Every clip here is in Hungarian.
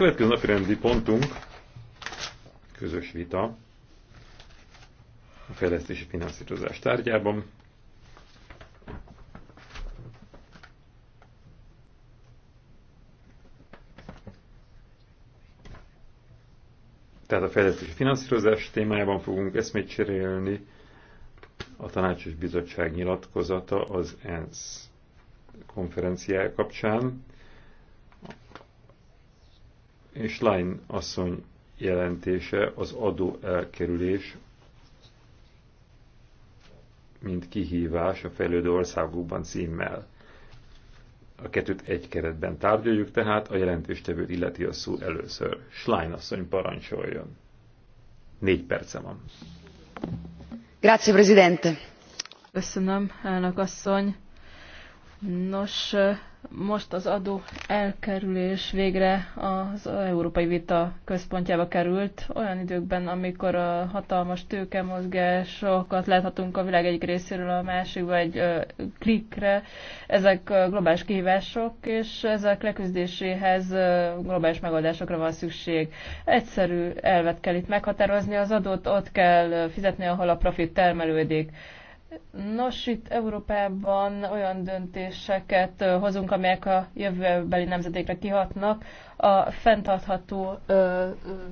Következő napirendi pontunk, közös vita a fejlesztési finanszírozás tárgyában. Tehát a fejlesztési finanszírozás témájában fogunk eszmét cserélni a Tanácsos Bizottság nyilatkozata az ENSZ konferenciája kapcsán és Line asszony jelentése az adó elkerülés, mint kihívás a fejlődő országokban címmel. A kettőt egy keretben tárgyaljuk, tehát a jelentéstevőt illeti a szó először. Schlein asszony parancsoljon. Négy perce van. Grazie, Presidente. Köszönöm, elnök asszony. Nos, most az adó elkerülés végre az Európai Vita központjába került, olyan időkben, amikor a hatalmas tőkemozgásokat láthatunk a világ egyik részéről a másik, egy klikre. Ezek globális kihívások, és ezek leküzdéséhez globális megoldásokra van szükség. Egyszerű elvet kell itt meghatározni, az adót ott kell fizetni, ahol a profit termelődik Nos, itt Európában olyan döntéseket hozunk, amelyek a jövőbeli nemzedékre kihatnak. A fenntartható ö,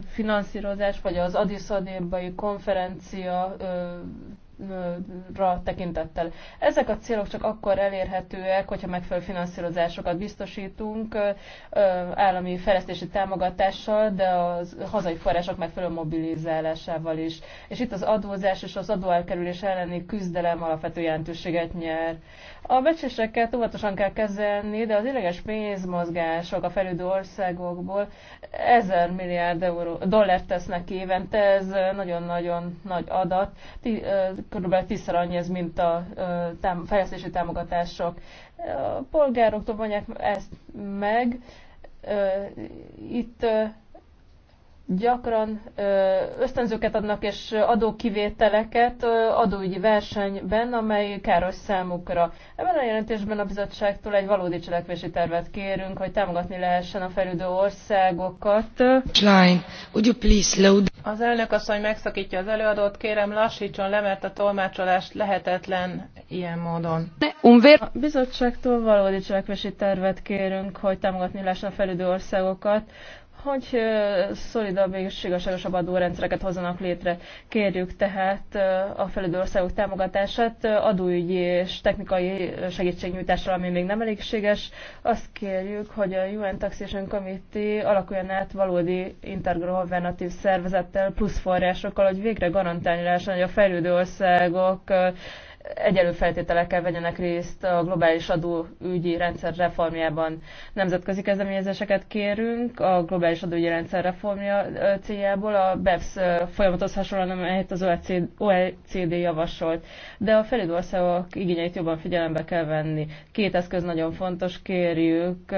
finanszírozás, vagy az Addis Abebai konferencia ö, ra tekintettel. Ezek a célok csak akkor elérhetőek, hogyha megfelelő finanszírozásokat biztosítunk állami fejlesztési támogatással, de a hazai források megfelelő mobilizálásával is. És itt az adózás és az adóelkerülés elleni küzdelem alapvető jelentőséget nyer. A becséseket óvatosan kell kezelni, de az illeges pénzmozgások a felüldő országokból 1000 milliárd euró, dollárt tesznek évente, ez nagyon-nagyon nagy adat körülbelül tízszer annyi ez, mint a tám, fejlesztési támogatások. A polgároktól mondják ezt meg. Itt gyakran ösztönzőket adnak és adókivételeket adóügyi versenyben, amely káros számukra. Ebben a jelentésben a bizottságtól egy valódi cselekvési tervet kérünk, hogy támogatni lehessen a fejlődő országokat. Line, would you please load? Az elnök asszony megszakítja az előadót, kérem lassítson le, mert a tolmácsolást lehetetlen ilyen módon. A bizottságtól valódi cselekvési tervet kérünk, hogy támogatni lehessen a fejlődő országokat, hogy szolidabb és igazságosabb adórendszereket hozzanak létre. Kérjük tehát a fejlődő országok támogatását adóügyi és technikai segítségnyújtásra, ami még nem elégséges. Azt kérjük, hogy a UN Taxation Committee alakuljon át valódi intergovernatív szervezettel plusz forrásokkal, hogy végre garantálni lehessen, hogy a fejlődő országok egyelő feltételekkel vegyenek részt a globális adóügyi rendszer reformjában. Nemzetközi kezdeményezéseket kérünk a globális adóügyi rendszer reformja céljából, a BEPS folyamatos hasonlóan, amelyet az OECD javasolt. De a fejlődő országok igényeit jobban figyelembe kell venni. Két eszköz nagyon fontos, kérjük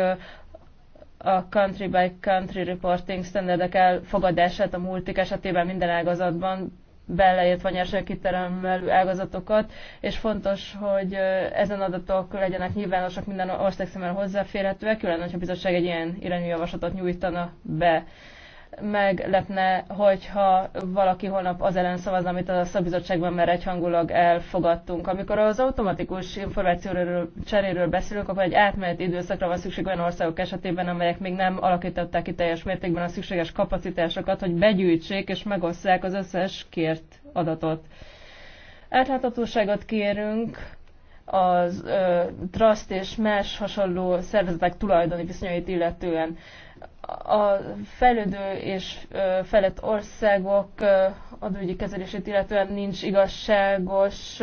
a country by country reporting standardek elfogadását a multik esetében minden ágazatban beleértve a nyersen kitermelő ágazatokat, és fontos, hogy ezen adatok legyenek nyilvánosak, minden ország számára hozzáférhetőek, különösen, hogyha a bizottság egy ilyen irányú javaslatot nyújtana be meglepne, hogyha valaki holnap az ellen szavaz, amit a szabizottságban már egyhangulag elfogadtunk. Amikor az automatikus információról cseréről beszélünk, akkor egy átmeneti időszakra van szükség olyan országok esetében, amelyek még nem alakították ki teljes mértékben a szükséges kapacitásokat, hogy begyűjtsék és megosszák az összes kért adatot. Átláthatóságot kérünk, az ö, Trust és más hasonló szervezetek tulajdoni viszonyait illetően a fejlődő és felett országok adóügyi kezelését illetően nincs igazságos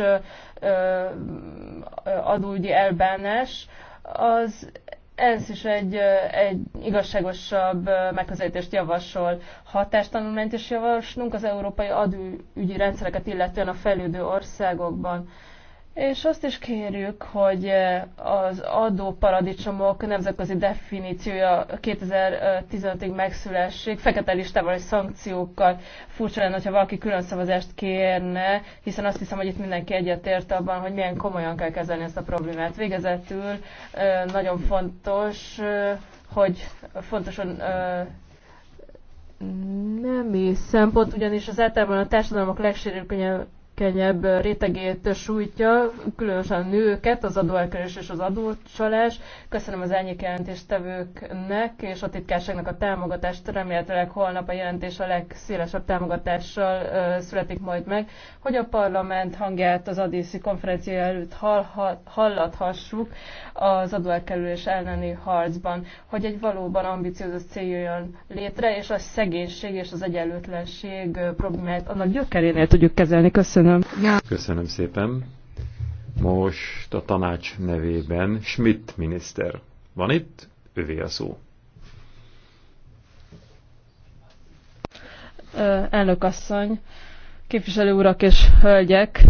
adóügyi elbánás, az ENSZ is egy, egy igazságosabb megközelítést javasol. Hatástanulmányt is javaslunk az európai adóügyi rendszereket illetően a fejlődő országokban. És azt is kérjük, hogy eh, az adóparadicsomok nemzetközi definíciója 2015-ig megszülessék, fekete listával és szankciókkal. Furcsa lenne, hogyha valaki külön szavazást kérne, hiszen azt hiszem, hogy itt mindenki egyetért abban, hogy milyen komolyan kell kezelni ezt a problémát. Végezetül eh, nagyon fontos, eh, hogy fontosan nem is szempont, ugyanis az általában a társadalmak legsérülékenyebb legérzékenyebb rétegét sújtja, különösen a nőket, az adóelkerés és az adócsalás. Köszönöm az elnyék jelentéstevőknek és a titkárságnak a támogatást. Remélhetőleg holnap a jelentés a legszélesebb támogatással születik majd meg, hogy a parlament hangját az adészi konferencia előtt hallathassuk az adóelkerülés elleni harcban, hogy egy valóban ambiciózus cél jön létre, és a szegénység és az egyenlőtlenség problémáját annak gyökerénél tudjuk kezelni. Köszönöm. Köszönöm. Köszönöm szépen. Most a tanács nevében Schmidt miniszter. Van itt? Ővé a szó. Elnök asszony, képviselő urak és hölgyek,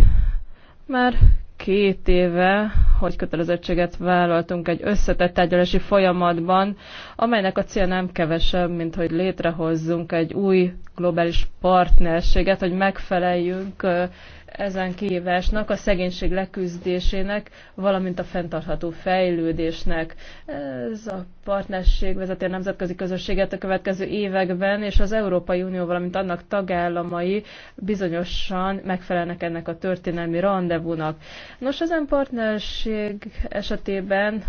már két éve, hogy kötelezettséget vállaltunk egy összetett tárgyalási folyamatban, amelynek a cél nem kevesebb, mint hogy létrehozzunk egy új globális partnerséget, hogy megfeleljünk ezen kihívásnak, a szegénység leküzdésének, valamint a fenntartható fejlődésnek. Ez a partnerség vezeti a nemzetközi közösséget a következő években, és az Európai Unió, valamint annak tagállamai bizonyosan megfelelnek ennek a történelmi rendezvúnak. Nos, ezen partnerség esetében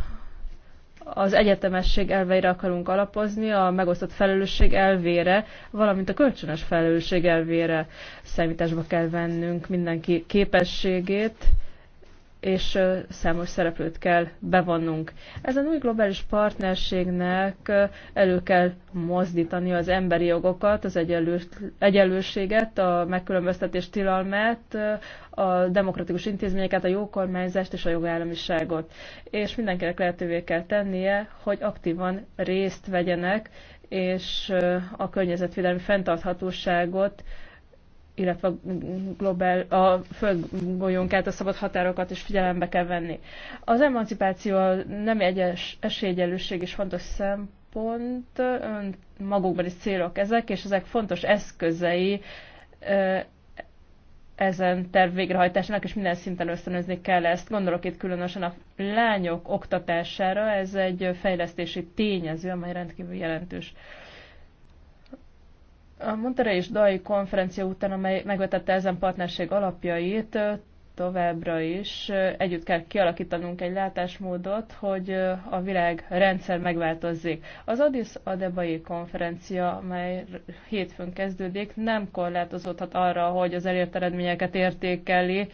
az egyetemesség elveire akarunk alapozni, a megosztott felelősség elvére, valamint a kölcsönös felelősség elvére számításba kell vennünk mindenki képességét, és számos szereplőt kell bevonnunk. a új globális partnerségnek elő kell mozdítani az emberi jogokat, az egyenlős, egyenlőséget, a megkülönböztetés tilalmát, a demokratikus intézményeket, a jókormányzást és a jogállamiságot. És mindenkinek lehetővé kell tennie, hogy aktívan részt vegyenek, és a környezetvédelmi fenntarthatóságot illetve a, globál, a földgolyónkát, a szabad határokat is figyelembe kell venni. Az emancipáció a nem egyes esélyegyenlőség is fontos szempont, magukban is célok ezek, és ezek fontos eszközei ezen terv végrehajtásának, és minden szinten ösztönözni kell ezt. Gondolok itt különösen a lányok oktatására, ez egy fejlesztési tényező, amely rendkívül jelentős. A Monterey és Dai konferencia után, amely megvetette ezen partnerség alapjait, továbbra is együtt kell kialakítanunk egy látásmódot, hogy a világ rendszer megváltozzék. Az Addis Adebai konferencia, mely hétfőn kezdődik, nem korlátozódhat arra, hogy az elért eredményeket értékeli,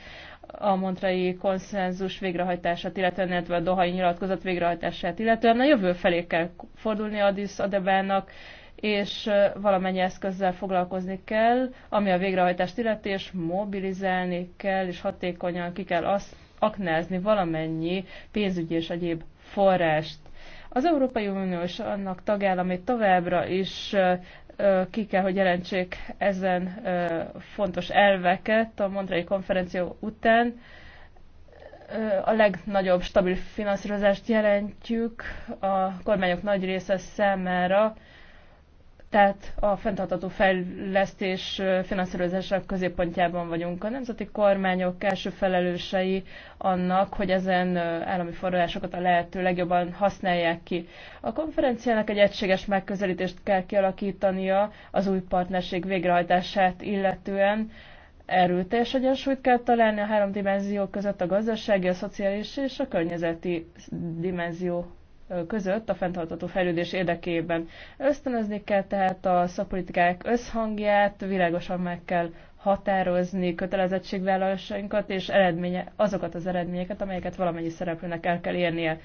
a montrai konszenzus végrehajtását, illetően illetve a dohai nyilatkozat végrehajtását, illetően a jövő felé kell fordulni Addis Adebának, és valamennyi eszközzel foglalkozni kell, ami a végrehajtást illeti, és mobilizálni kell, és hatékonyan ki kell azt aknázni valamennyi pénzügyi és egyéb forrást. Az Európai Unió és annak tagállamai továbbra is ki kell, hogy jelentsék ezen fontos elveket a Montrei konferencia után. A legnagyobb stabil finanszírozást jelentjük a kormányok nagy része számára, tehát a fenntartható fejlesztés finanszírozása középpontjában vagyunk. A nemzeti kormányok első felelősei annak, hogy ezen állami forrásokat a lehető legjobban használják ki. A konferenciának egy egységes megközelítést kell kialakítania az új partnerség végrehajtását illetően, erőteljes egyensúlyt kell találni a három dimenzió között, a gazdasági, a szociális és a környezeti dimenzió között a fenntartható fejlődés érdekében. Ösztönözni kell tehát a szakpolitikák összhangját, világosan meg kell határozni kötelezettségvállalásainkat, és eredménye, azokat az eredményeket, amelyeket valamennyi szereplőnek el kell érnie.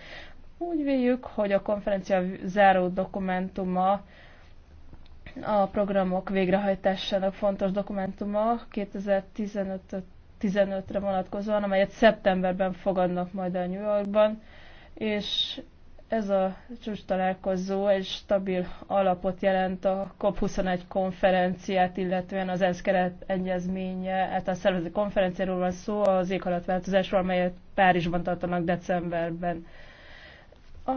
Úgy véljük, hogy a konferencia záró dokumentuma a programok végrehajtásának fontos dokumentuma 2015-re vonatkozóan, amelyet szeptemberben fogadnak majd el New Yorkban, és ez a csúcs találkozó egy stabil alapot jelent a COP21 konferenciát, illetően az ENSZ keret egyezménye, hát a szervező konferenciáról van szó, az éghalatváltozásról, amelyet Párizsban tartanak decemberben. A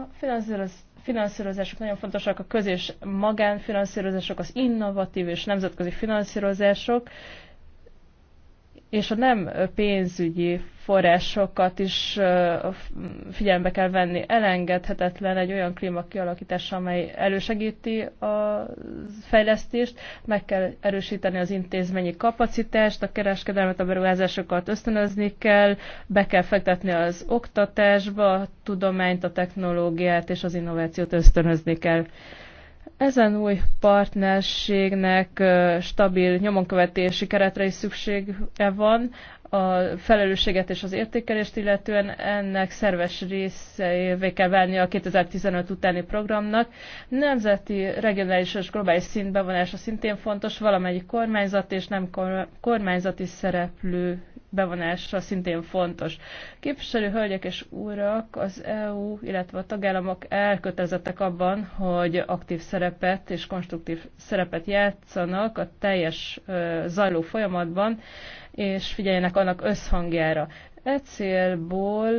finanszírozások nagyon fontosak, a közés magánfinanszírozások, az innovatív és nemzetközi finanszírozások, és a nem pénzügyi forrásokat is figyelembe kell venni. Elengedhetetlen egy olyan klíma amely elősegíti a fejlesztést, meg kell erősíteni az intézményi kapacitást, a kereskedelmet, a beruházásokat ösztönözni kell, be kell fektetni az oktatásba, a tudományt, a technológiát és az innovációt ösztönözni kell. Ezen új partnerségnek stabil nyomonkövetési keretre is szüksége van, a felelősséget és az értékelést illetően ennek szerves részévé kell venni a 2015 utáni programnak. Nemzeti, regionális és globális szint bevonása szintén fontos, valamelyik kormányzat és nem kormányzati szereplő bevonása szintén fontos. Képviselő hölgyek és urak, az EU, illetve a tagállamok elkötelezettek abban, hogy aktív szerepet és konstruktív szerepet játszanak a teljes zajló folyamatban, és figyeljenek annak összhangjára. E célból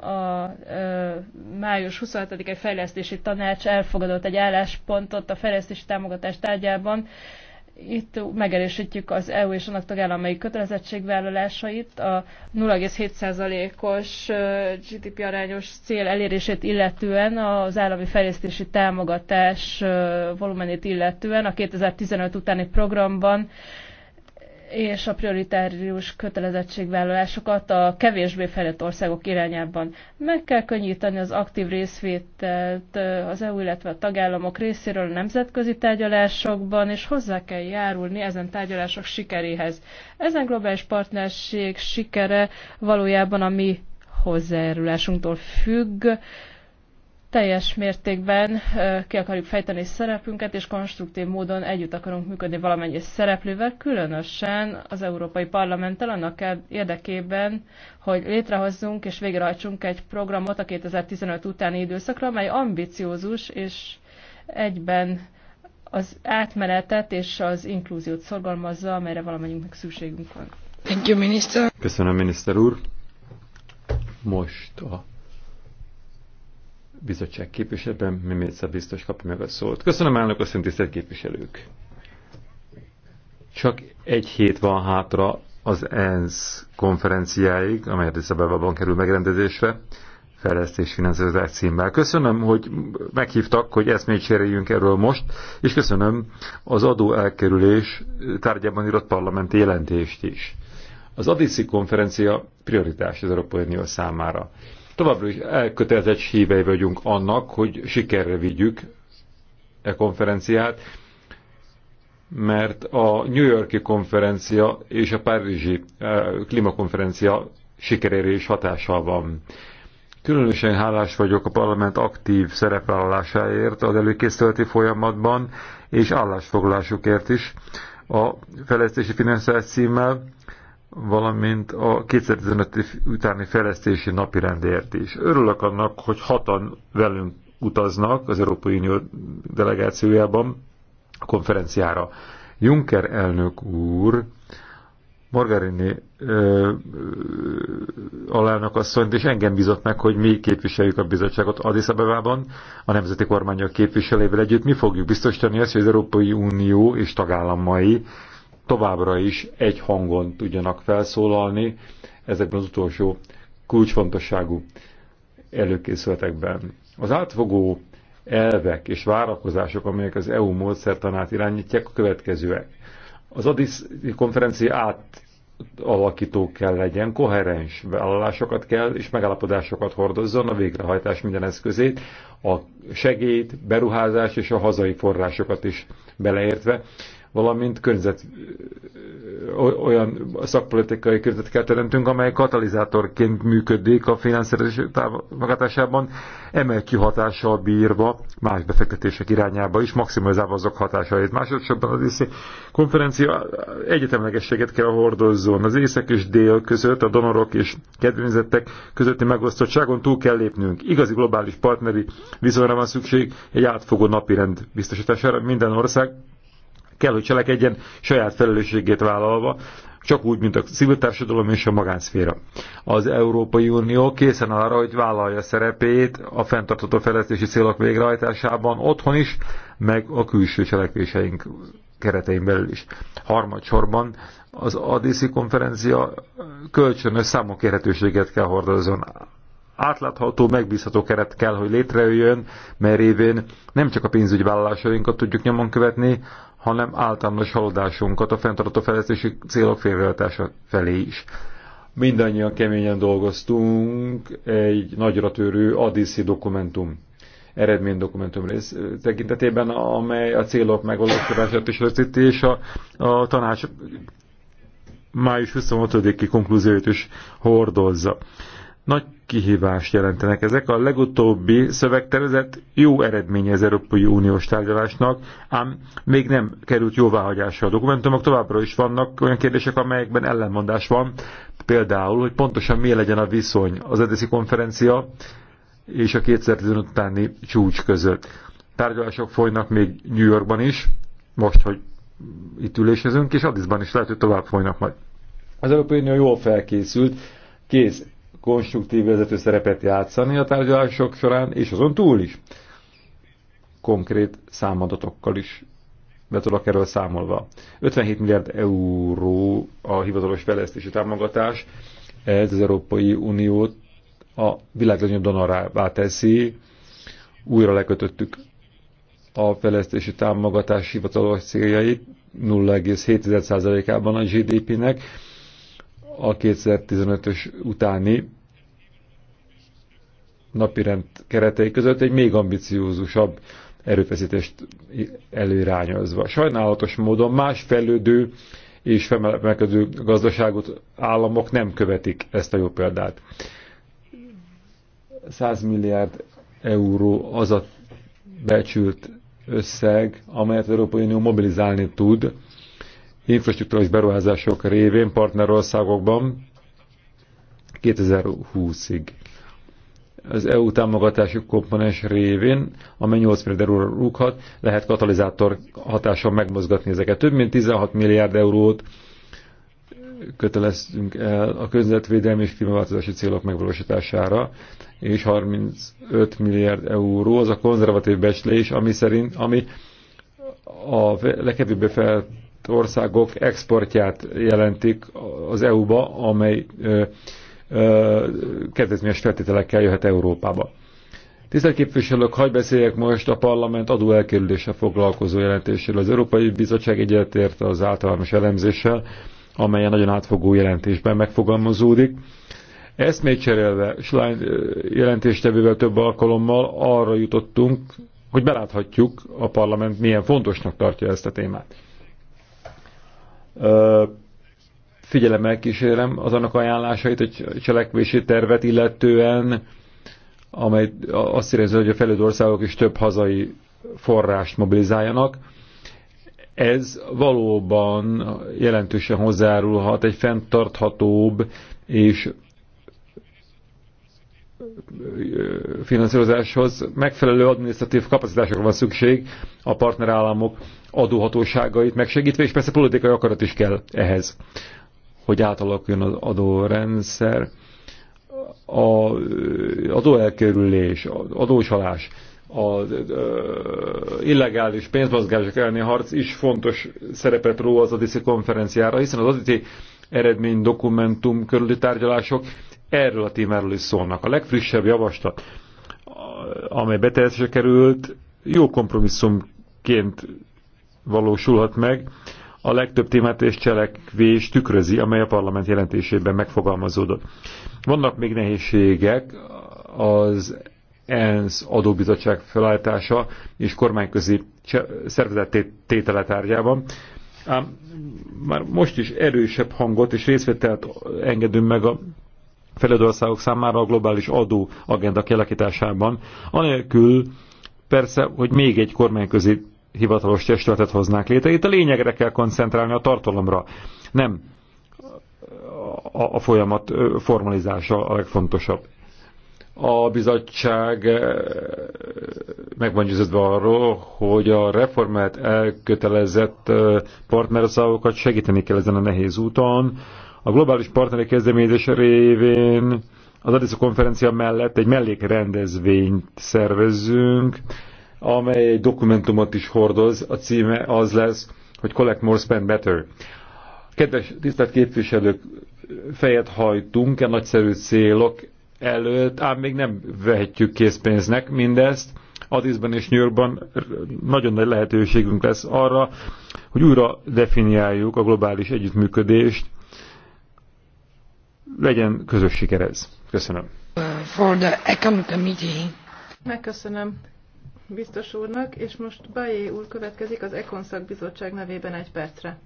a ö, május 26 i fejlesztési tanács elfogadott egy álláspontot a fejlesztési támogatás tárgyában, itt megerősítjük az EU és annak tagállamai kötelezettségvállalásait, a 0,7%-os GDP arányos cél elérését illetően, az állami fejlesztési támogatás volumenét illetően, a 2015 utáni programban és a prioritárius kötelezettségvállalásokat a kevésbé fejlett országok irányában. Meg kell könnyíteni az aktív részvételt az EU, illetve a tagállamok részéről a nemzetközi tárgyalásokban, és hozzá kell járulni ezen tárgyalások sikeréhez. Ezen globális partnerség sikere valójában a mi hozzájárulásunktól függ, teljes mértékben ki akarjuk fejteni szerepünket, és konstruktív módon együtt akarunk működni valamennyi szereplővel, különösen az Európai Parlamenttel annak érdekében, hogy létrehozzunk és végrehajtsunk egy programot a 2015 utáni időszakra, amely ambiciózus és egyben az átmenetet és az inklúziót szorgalmazza, amelyre valamennyiünknek szükségünk van. Thank you, minister. Köszönöm, miniszter úr. Most a bizottság képviseletben Mimica biztos kapja meg a szót. Köszönöm elnök a szintisztelt képviselők. Csak egy hét van hátra az ENSZ konferenciáig, amely Addisabebában kerül megrendezésre, fejlesztés finanszírozás címmel. Köszönöm, hogy meghívtak, hogy ezt még cseréljünk erről most, és köszönöm az adó elkerülés tárgyában írott parlamenti jelentést is. Az Addiszi konferencia prioritás az Európai Unió számára. Továbbra is elkötelezett hívei vagyunk annak, hogy sikerre vigyük e konferenciát, mert a New Yorki konferencia és a Párizsi e, klímakonferencia sikerére is hatással van. Különösen hálás vagyok a parlament aktív szerepvállalásáért az előkészületi folyamatban, és állásfoglalásukért is a fejlesztési finanszírozás címmel, valamint a 2015 utáni fejlesztési napi rendért is. Örülök annak, hogy hatan velünk utaznak az Európai Unió delegációjában a konferenciára. Juncker elnök úr, Margarini ö, alelnök asszonyt, és engem bizott meg, hogy mi képviseljük a bizottságot Addis Abebában, a nemzeti kormányok képviselével együtt. Mi fogjuk biztosítani azt, hogy az Európai Unió és tagállamai továbbra is egy hangon tudjanak felszólalni ezekben az utolsó kulcsfontosságú előkészületekben. Az átfogó elvek és várakozások, amelyek az EU módszertanát irányítják, a következőek. Az Addis konferencia átalakító kell legyen, koherens vállalásokat kell, és megállapodásokat hordozzon a végrehajtás minden eszközét, a segélyt, beruházás és a hazai forrásokat is beleértve, valamint környezet, olyan szakpolitikai környezet kell teremtünk, amely katalizátorként működik a finanszírozás támogatásában, emel hatással bírva más befektetések irányába is, maximalizálva azok hatásait. Másodszorban az iszi konferencia egyetemlegességet kell hordozzon. Az észak és dél között, a donorok és kedvezettek közötti megosztottságon túl kell lépnünk. Igazi globális partneri viszonyra van szükség egy átfogó napirend biztosítására minden ország kell, hogy cselekedjen saját felelősségét vállalva, csak úgy, mint a civil társadalom és a magánszféra. Az Európai Unió készen arra, hogy vállalja szerepét a fenntartható fejlesztési célok végrehajtásában otthon is, meg a külső cselekvéseink keretein belül is. Harmadsorban az ADC konferencia kölcsönös számok számokérhetőséget kell hordozzon. Átlátható, megbízható keret kell, hogy létrejöjjön, mert révén nem csak a pénzügyvállalásainkat vállalásainkat tudjuk nyomon követni, hanem általános haladásunkat a fenntartó fejlesztési célok félrehajtása felé is. Mindannyian keményen dolgoztunk egy nagyra törő Adiszi dokumentum eredménydokumentum rész tekintetében, amely a célok megvalósítását is rögzíti, és a, a tanács május 25-i konklúzióit is hordozza. Nagy kihívást jelentenek ezek. A legutóbbi szövegtervezet jó eredménye az Európai Uniós tárgyalásnak, ám még nem került jóváhagyásra a dokumentumok. Továbbra is vannak olyan kérdések, amelyekben ellenmondás van. Például, hogy pontosan mi legyen a viszony az Edeszi konferencia és a 2015 utáni csúcs között. Tárgyalások folynak még New Yorkban is, most, hogy itt ülésezünk, és Addisban is lehet, hogy tovább folynak majd. Az Európai Unió jól felkészült, kész konstruktív vezető szerepet játszani a tárgyalások során, és azon túl is konkrét számadatokkal is be tudok erről számolva. 57 milliárd euró a hivatalos fejlesztési támogatás, ez az Európai Uniót a világ legnagyobb donorává teszi, újra lekötöttük a fejlesztési támogatás hivatalos céljait 0,7%-ában a GDP-nek, a 2015-ös utáni napirend keretei között egy még ambiciózusabb erőfeszítést előrányozva. Sajnálatos módon más fejlődő és felemelkedő gazdaságot államok nem követik ezt a jó példát. 100 milliárd euró az a becsült összeg, amelyet Európai Unió mobilizálni tud infrastruktúrális beruházások révén partnerországokban 2020-ig. Az EU támogatási komponens révén, amely 8 milliárd euróra rúghat, lehet katalizátor hatással megmozgatni ezeket. Több mint 16 milliárd eurót köteleztünk el a közvetvédelmi és klímaváltozási célok megvalósítására, és 35 milliárd euró az a konzervatív becslés, ami szerint, ami a legkevésbé fel országok exportját jelentik az EU-ba, amely ö, ö, kedvezményes feltételekkel jöhet Európába. Tisztelt képviselők, hagyj beszéljek most a parlament elkerüléssel foglalkozó jelentéséről. Az Európai Bizottság egyetért az általános elemzéssel, amelyen nagyon átfogó jelentésben megfogalmazódik. Ezt még cserélve, Schlein jelentéstevővel több alkalommal arra jutottunk, hogy beláthatjuk a parlament milyen fontosnak tartja ezt a témát figyelemmel kísérem az annak ajánlásait, hogy cselekvési tervet illetően, amely azt érzi, hogy a fejlődő országok is több hazai forrást mobilizáljanak. Ez valóban jelentősen hozzárulhat egy fenntarthatóbb és finanszírozáshoz megfelelő adminisztratív kapacitásokra van szükség a partnerállamok adóhatóságait megsegítve, és persze politikai akarat is kell ehhez, hogy átalakuljon az adórendszer. A adóelkerülés, az adósalás, az illegális pénzmozgások elleni harc is fontos szerepet ró az Adiszi konferenciára, hiszen az Adiszi eredmény dokumentum körüli tárgyalások erről a témáról is szólnak. A legfrissebb javaslat, amely beteljesre került, jó kompromisszumként valósulhat meg, a legtöbb témát és cselekvés tükrözi, amely a parlament jelentésében megfogalmazódott. Vannak még nehézségek az ENSZ adóbizottság felállítása és kormányközi szervezet tétele tárgyában, ám már most is erősebb hangot és részvételt engedünk meg a fejlődő országok számára a globális adó agenda kialakításában, anélkül persze, hogy még egy kormányközi hivatalos testületet hoznák létre. Itt a lényegre kell koncentrálni, a tartalomra. Nem a, a folyamat formalizása a legfontosabb. A bizottság meg van győződve arról, hogy a reformát elkötelezett partnerországokat segíteni kell ezen a nehéz úton. A globális partneri kezdeményezés révén az Adisza konferencia mellett egy mellékrendezvényt szervezzünk, amely egy dokumentumot is hordoz, a címe az lesz, hogy Collect More Spend Better. Kedves tisztelt képviselők, fejet hajtunk e nagyszerű célok előtt, ám még nem vehetjük készpénznek mindezt. Addisban és Nyőrban nagyon nagy lehetőségünk lesz arra, hogy újra definiáljuk a globális együttműködést. Legyen közös siker ez. Köszönöm. For the Econ Committee. Megköszönöm biztos úrnak, és most Bajé úr következik az Ekon bizottság nevében egy percre.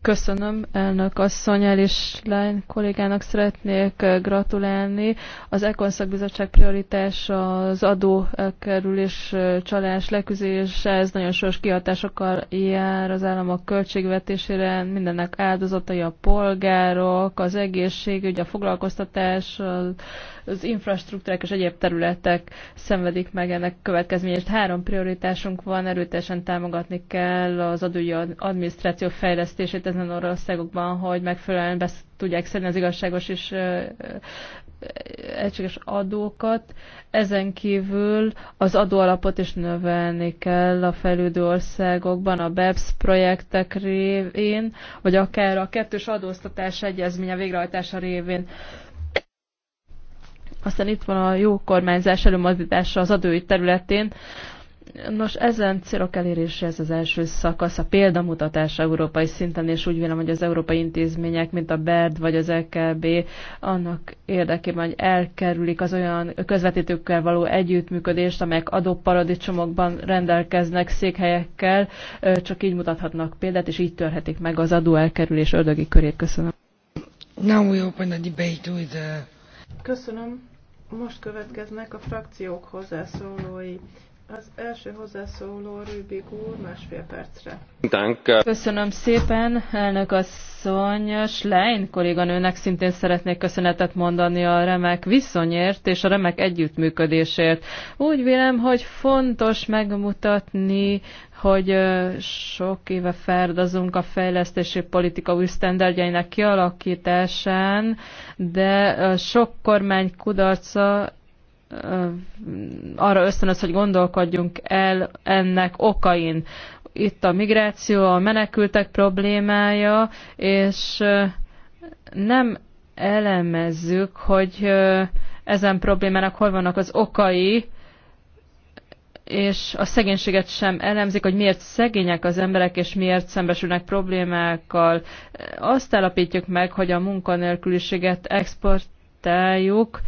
Köszönöm, elnök asszony, és Lány kollégának szeretnék eh, gratulálni. Az Ekon szakbizottság prioritás az adókerülés eh, csalás leküzése, ez nagyon sors kihatásokkal jár az államok költségvetésére, mindennek áldozatai a polgárok, az egészségügy, a foglalkoztatás, az infrastruktúrák és egyéb területek szenvedik meg ennek ennek következményét. Három prioritásunk van, erőteljesen támogatni kell az adói adminisztráció fejlesztését ezen országokban, hogy megfelelően be tudják szedni az igazságos és egységes adókat. Ezen kívül az adóalapot is növelni kell a fejlődő országokban, a BEPS projektek révén, vagy akár a kettős adóztatás egyezménye végrehajtása révén. Aztán itt van a jó kormányzás előmozdítása az adói területén. Nos, ezen célok elérése ez az első szakasz, a példamutatás európai szinten, és úgy vélem, hogy az európai intézmények, mint a BERD vagy az LKB, annak érdekében, hogy elkerülik az olyan közvetítőkkel való együttműködést, amelyek adóparadicsomokban rendelkeznek székhelyekkel, csak így mutathatnak példát, és így törhetik meg az adóelkerülés ördögi körét. Köszönöm. Now we open the debate with the... Uh, Köszönöm. Most következnek a frakciók hozzászólói. Az első hozzászóló Rübig úr másfél percre. Köszönöm szépen, elnök asszony. Slein kolléganőnek szintén szeretnék köszönetet mondani a remek viszonyért és a remek együttműködésért. Úgy vélem, hogy fontos megmutatni, hogy sok éve ferdazunk a fejlesztési politika új sztenderdjeinek kialakításán, de sok kormány kudarca arra ösztönöz, hogy gondolkodjunk el ennek okain. Itt a migráció, a menekültek problémája, és nem elemezzük, hogy ezen problémának hol vannak az okai, és a szegénységet sem elemzik, hogy miért szegények az emberek, és miért szembesülnek problémákkal. Azt állapítjuk meg, hogy a munkanélküliséget exportáljuk,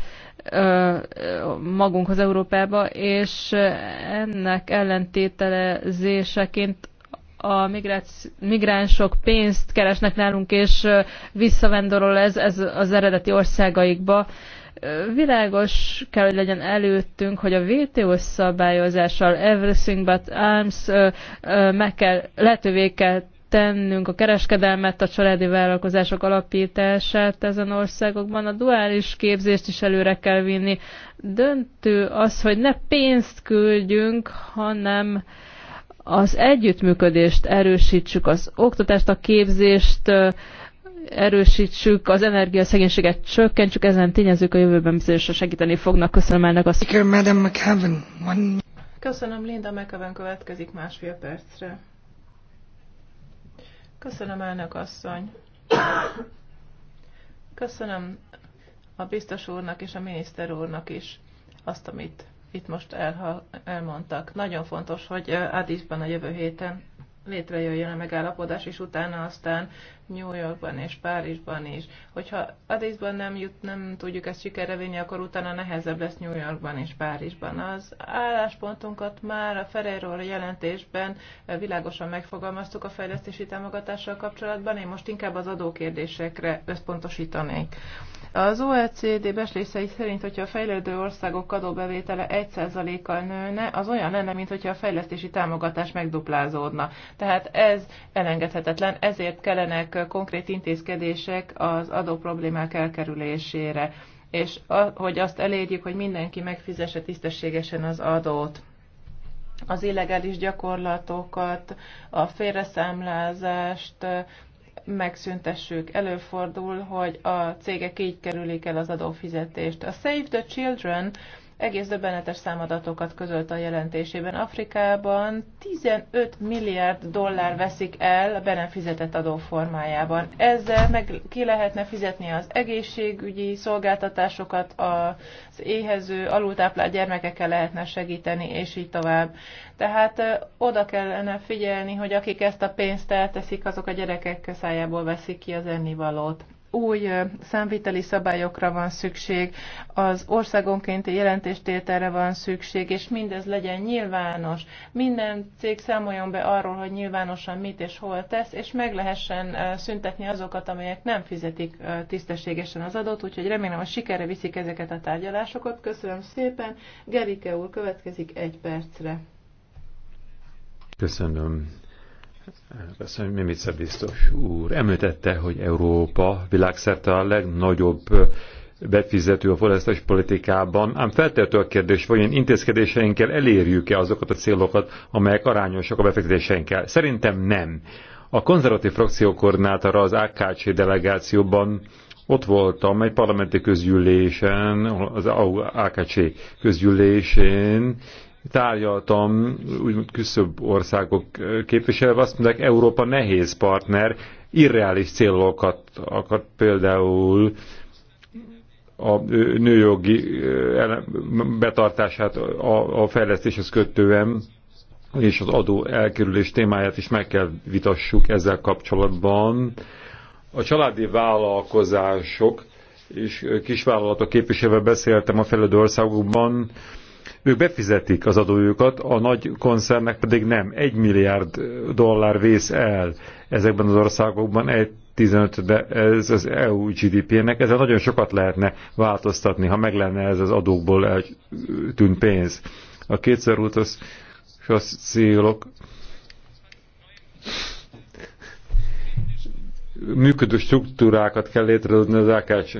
magunkhoz Európába, és ennek ellentételezéseként a migránsok pénzt keresnek nálunk, és visszavendorol ez, ez az eredeti országaikba. Világos kell, hogy legyen előttünk, hogy a WTO szabályozással Everything But Arms meg kell, lehetővé kell tennünk a kereskedelmet, a családi vállalkozások alapítását ezen országokban, a duális képzést is előre kell vinni. Döntő az, hogy ne pénzt küldjünk, hanem az együttműködést erősítsük, az oktatást, a képzést erősítsük, az energiaszegénységet csökkentsük, ezen tényezők a jövőben bizonyosan segíteni fognak. Köszönöm elnök azt. Köszönöm, Linda McEwen következik másfél percre. Köszönöm, elnök asszony. Köszönöm a biztos úrnak és a miniszter úrnak is azt, amit itt most elha- elmondtak. Nagyon fontos, hogy Addisban a jövő héten létrejöjjön a megállapodás, és utána aztán New Yorkban és Párizsban is. Hogyha Addisban nem jut, nem tudjuk ezt sikerre vinni, akkor utána nehezebb lesz New Yorkban és Párizsban. Az álláspontunkat már a Ferrero jelentésben világosan megfogalmaztuk a fejlesztési támogatással kapcsolatban, én most inkább az adókérdésekre összpontosítanék. Az OECD beslései szerint, hogyha a fejlődő országok adóbevétele 1%-kal nőne, az olyan lenne, mint hogyha a fejlesztési támogatás megduplázódna. Tehát ez elengedhetetlen, ezért kellenek konkrét intézkedések az adó problémák elkerülésére, és hogy azt elérjük, hogy mindenki megfizesse tisztességesen az adót az illegális gyakorlatokat, a félreszámlázást, megszüntessük. Előfordul, hogy a cégek így kerülik el az adófizetést. A Save the Children egész döbbenetes számadatokat közölt a jelentésében. Afrikában 15 milliárd dollár veszik el a be fizetett adó formájában. Ezzel meg ki lehetne fizetni az egészségügyi szolgáltatásokat, az éhező, alultáplált gyermekekkel lehetne segíteni, és így tovább. Tehát oda kellene figyelni, hogy akik ezt a pénzt elteszik, azok a gyerekek szájából veszik ki az ennivalót új számviteli szabályokra van szükség, az országonkénti jelentéstételre van szükség, és mindez legyen nyilvános. Minden cég számoljon be arról, hogy nyilvánosan mit és hol tesz, és meg lehessen szüntetni azokat, amelyek nem fizetik tisztességesen az adót, úgyhogy remélem, hogy sikerre viszik ezeket a tárgyalásokat. Köszönöm szépen. Gerike úr következik egy percre. Köszönöm. Köszönöm, Mimica biztos úr. Említette, hogy Európa világszerte a legnagyobb befizető a fogyasztás politikában, ám feltehető a kérdés, hogy ilyen intézkedéseinkkel elérjük-e azokat a célokat, amelyek arányosak a befektetéseinkkel. Szerintem nem. A konzervatív frakció koordinátora az AKC delegációban ott voltam egy parlamenti közgyűlésen, az AKC közgyűlésén, tárgyaltam úgymond küszöbb országok képviselve, azt mondják, Európa nehéz partner, irreális célokat akar például a nőjogi betartását a, fejlesztéshez kötően, és az adó elkerülés témáját is meg kell vitassuk ezzel kapcsolatban. A családi vállalkozások és kisvállalatok képviselve beszéltem a fejlődő országokban, ők befizetik az adójukat, a nagy koncernek pedig nem. Egy milliárd dollár vész el ezekben az országokban egy 15 de ez az EU GDP-nek, ezzel nagyon sokat lehetne változtatni, ha meg lenne ez az adókból eltűnt pénz. A kétszer utas célok működő struktúrákat kell létrehozni az AKC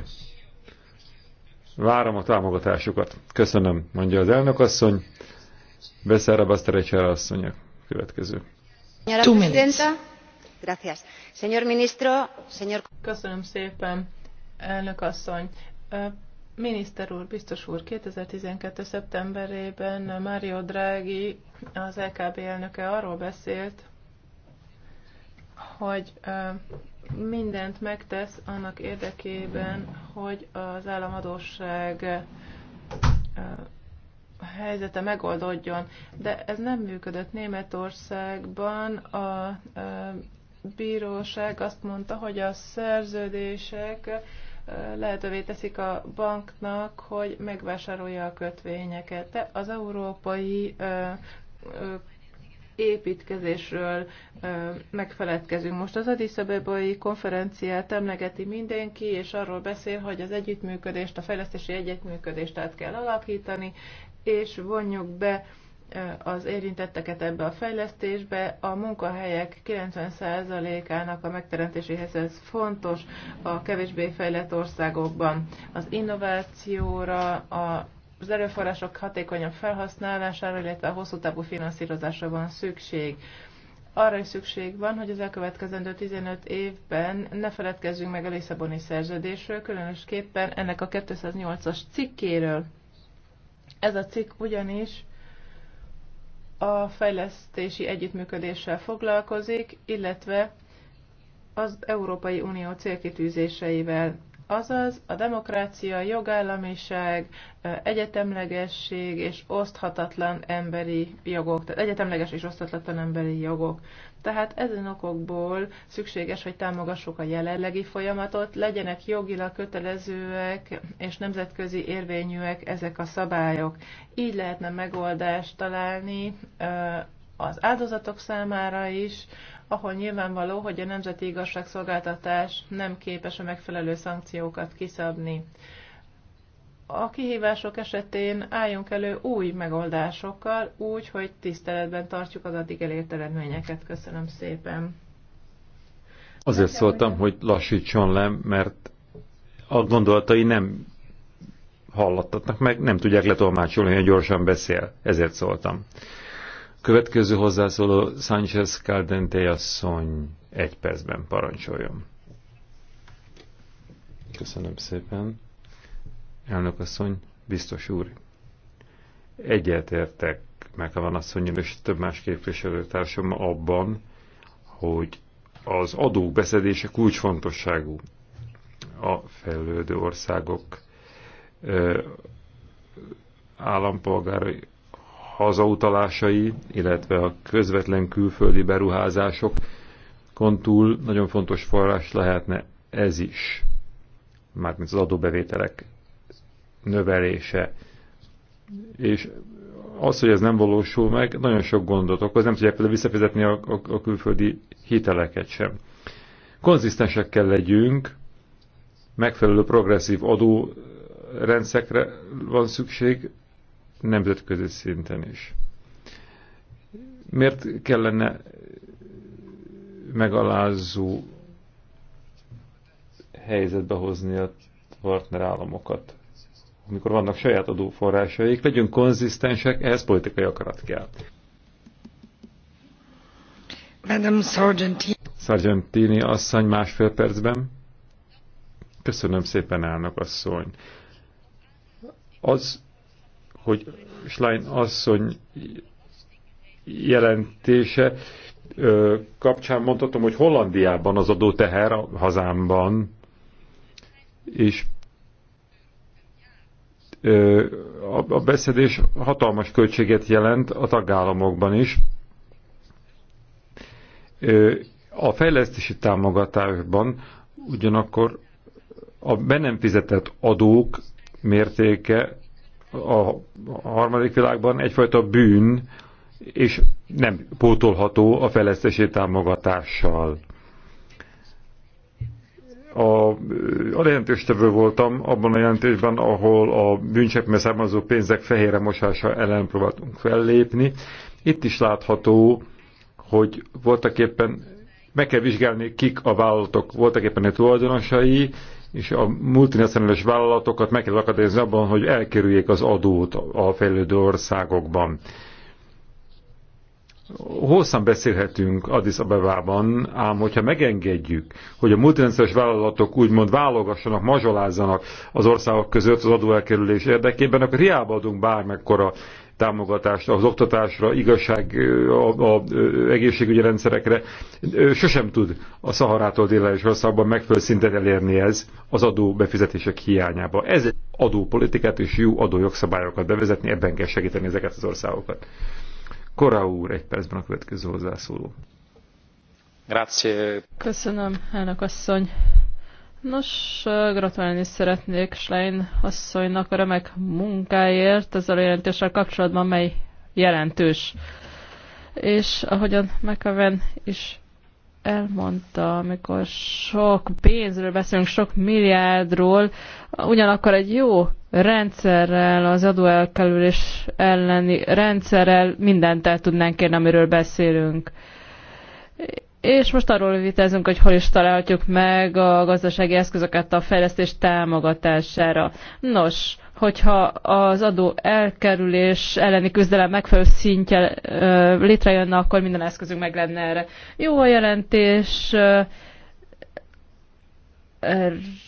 Várom a támogatásukat. Köszönöm, mondja az elnökasszony. Beszára Baszterecsere asszony a következő. Köszönöm szépen, elnök asszony. Miniszter úr, biztos úr, 2012. szeptemberében Mario Draghi, az LKB elnöke arról beszélt, hogy mindent megtesz annak érdekében, hogy az államadóság helyzete megoldódjon. De ez nem működött Németországban. A bíróság azt mondta, hogy a szerződések lehetővé teszik a banknak, hogy megvásárolja a kötvényeket. De az európai építkezésről megfeledkezünk. Most az Addis Abebai konferenciát emlegeti mindenki, és arról beszél, hogy az együttműködést, a fejlesztési együttműködést át kell alakítani, és vonjuk be az érintetteket ebbe a fejlesztésbe. A munkahelyek 90%-ának a megteremtéséhez ez fontos a kevésbé fejlett országokban. Az innovációra, a az erőforrások hatékonyabb felhasználására, illetve a hosszú távú finanszírozásra van szükség. Arra is szükség van, hogy az elkövetkezendő 15 évben ne feledkezzünk meg a Lisszaboni szerződésről, különösképpen ennek a 208-as cikkéről. Ez a cikk ugyanis a fejlesztési együttműködéssel foglalkozik, illetve az Európai Unió célkitűzéseivel Azaz a demokrácia, jogállamiság, egyetemlegesség és oszthatatlan emberi jogok, tehát egyetemleges és oszthatatlan emberi jogok. Tehát ezen okokból szükséges, hogy támogassuk a jelenlegi folyamatot, legyenek jogilag kötelezőek és nemzetközi érvényűek ezek a szabályok. Így lehetne megoldást találni az áldozatok számára is, ahol nyilvánvaló, hogy a nemzeti igazságszolgáltatás nem képes a megfelelő szankciókat kiszabni. A kihívások esetén álljunk elő új megoldásokkal, úgy, hogy tiszteletben tartjuk az addig elért eredményeket. Köszönöm szépen. Azért Nekem szóltam, hogy lassítson le, mert a gondolatai nem hallattatnak meg, nem tudják letolmácsolni, hogy gyorsan beszél. Ezért szóltam. Következő hozzászóló Sánchez Caldente asszony egy percben parancsoljon. Köszönöm szépen. Elnök asszony, biztos úr. Egyetértek meg van asszony, és több más képviselőtársam abban, hogy az adók beszedése kulcsfontosságú a fejlődő országok állampolgárai hazautalásai, illetve a közvetlen külföldi beruházások kontúl nagyon fontos forrás lehetne ez is, mármint az adóbevételek növelése. És az, hogy ez nem valósul meg, nagyon sok gondot okoz, nem tudják például visszafizetni a, a, a külföldi hiteleket sem. Konzisztensek kell legyünk, megfelelő progresszív adórendszekre van szükség, nemzetközi szinten is. Miért kellene megalázó helyzetbe hozni a államokat, Amikor vannak saját adóforrásaik, legyünk konzisztensek, ehhez politikai akarat kell. Madam Sargentini. Sargentini asszony másfél percben. Köszönöm szépen, elnök asszony. Az hogy Schlein asszony jelentése kapcsán mondhatom, hogy Hollandiában az teher a hazámban, és a beszedés hatalmas költséget jelent a tagállamokban is. A fejlesztési támogatásban ugyanakkor a be nem fizetett adók mértéke a harmadik világban egyfajta bűn, és nem pótolható a fejlesztési támogatással. A, a jelentéstevő voltam abban a jelentésben, ahol a bűncseppben származó pénzek fehére mosása ellen próbáltunk fellépni. Itt is látható, hogy voltak éppen meg kell vizsgálni, kik a vállalatok voltak éppen a tulajdonosai, és a multinacionális vállalatokat meg kell akadályozni abban, hogy elkerüljék az adót a fejlődő országokban. Hosszan beszélhetünk Addis Abebában, ám hogyha megengedjük, hogy a multinacionális vállalatok úgymond válogassanak, mazsolázzanak az országok között az adóelkerülés érdekében, akkor hiába adunk bármekkora támogatást az oktatásra, igazság, a, a egészségügyi rendszerekre. Sosem tud a Szaharától déleles országban megfelelő szintet elérni ez az adó befizetések hiányába. Ez adópolitikát és jó adójogszabályokat bevezetni, ebben kell segíteni ezeket az országokat. Kora úr, egy percben a következő hozzászóló. Grazie. Köszönöm, elnök asszony. Nos, gratulálni szeretnék Slein. asszonynak a remek munkáért ezzel a jelentéssel kapcsolatban, mely jelentős. És ahogyan McAven is elmondta, amikor sok pénzről beszélünk, sok milliárdról, ugyanakkor egy jó rendszerrel, az adóelkerülés elleni rendszerrel mindent el tudnánk kérni, amiről beszélünk és most arról vitázunk, hogy hol is találhatjuk meg a gazdasági eszközöket a fejlesztés támogatására. Nos, hogyha az adó elkerülés elleni küzdelem megfelelő szintje létrejönne, akkor minden eszközünk meg lenne erre. Jó a jelentés,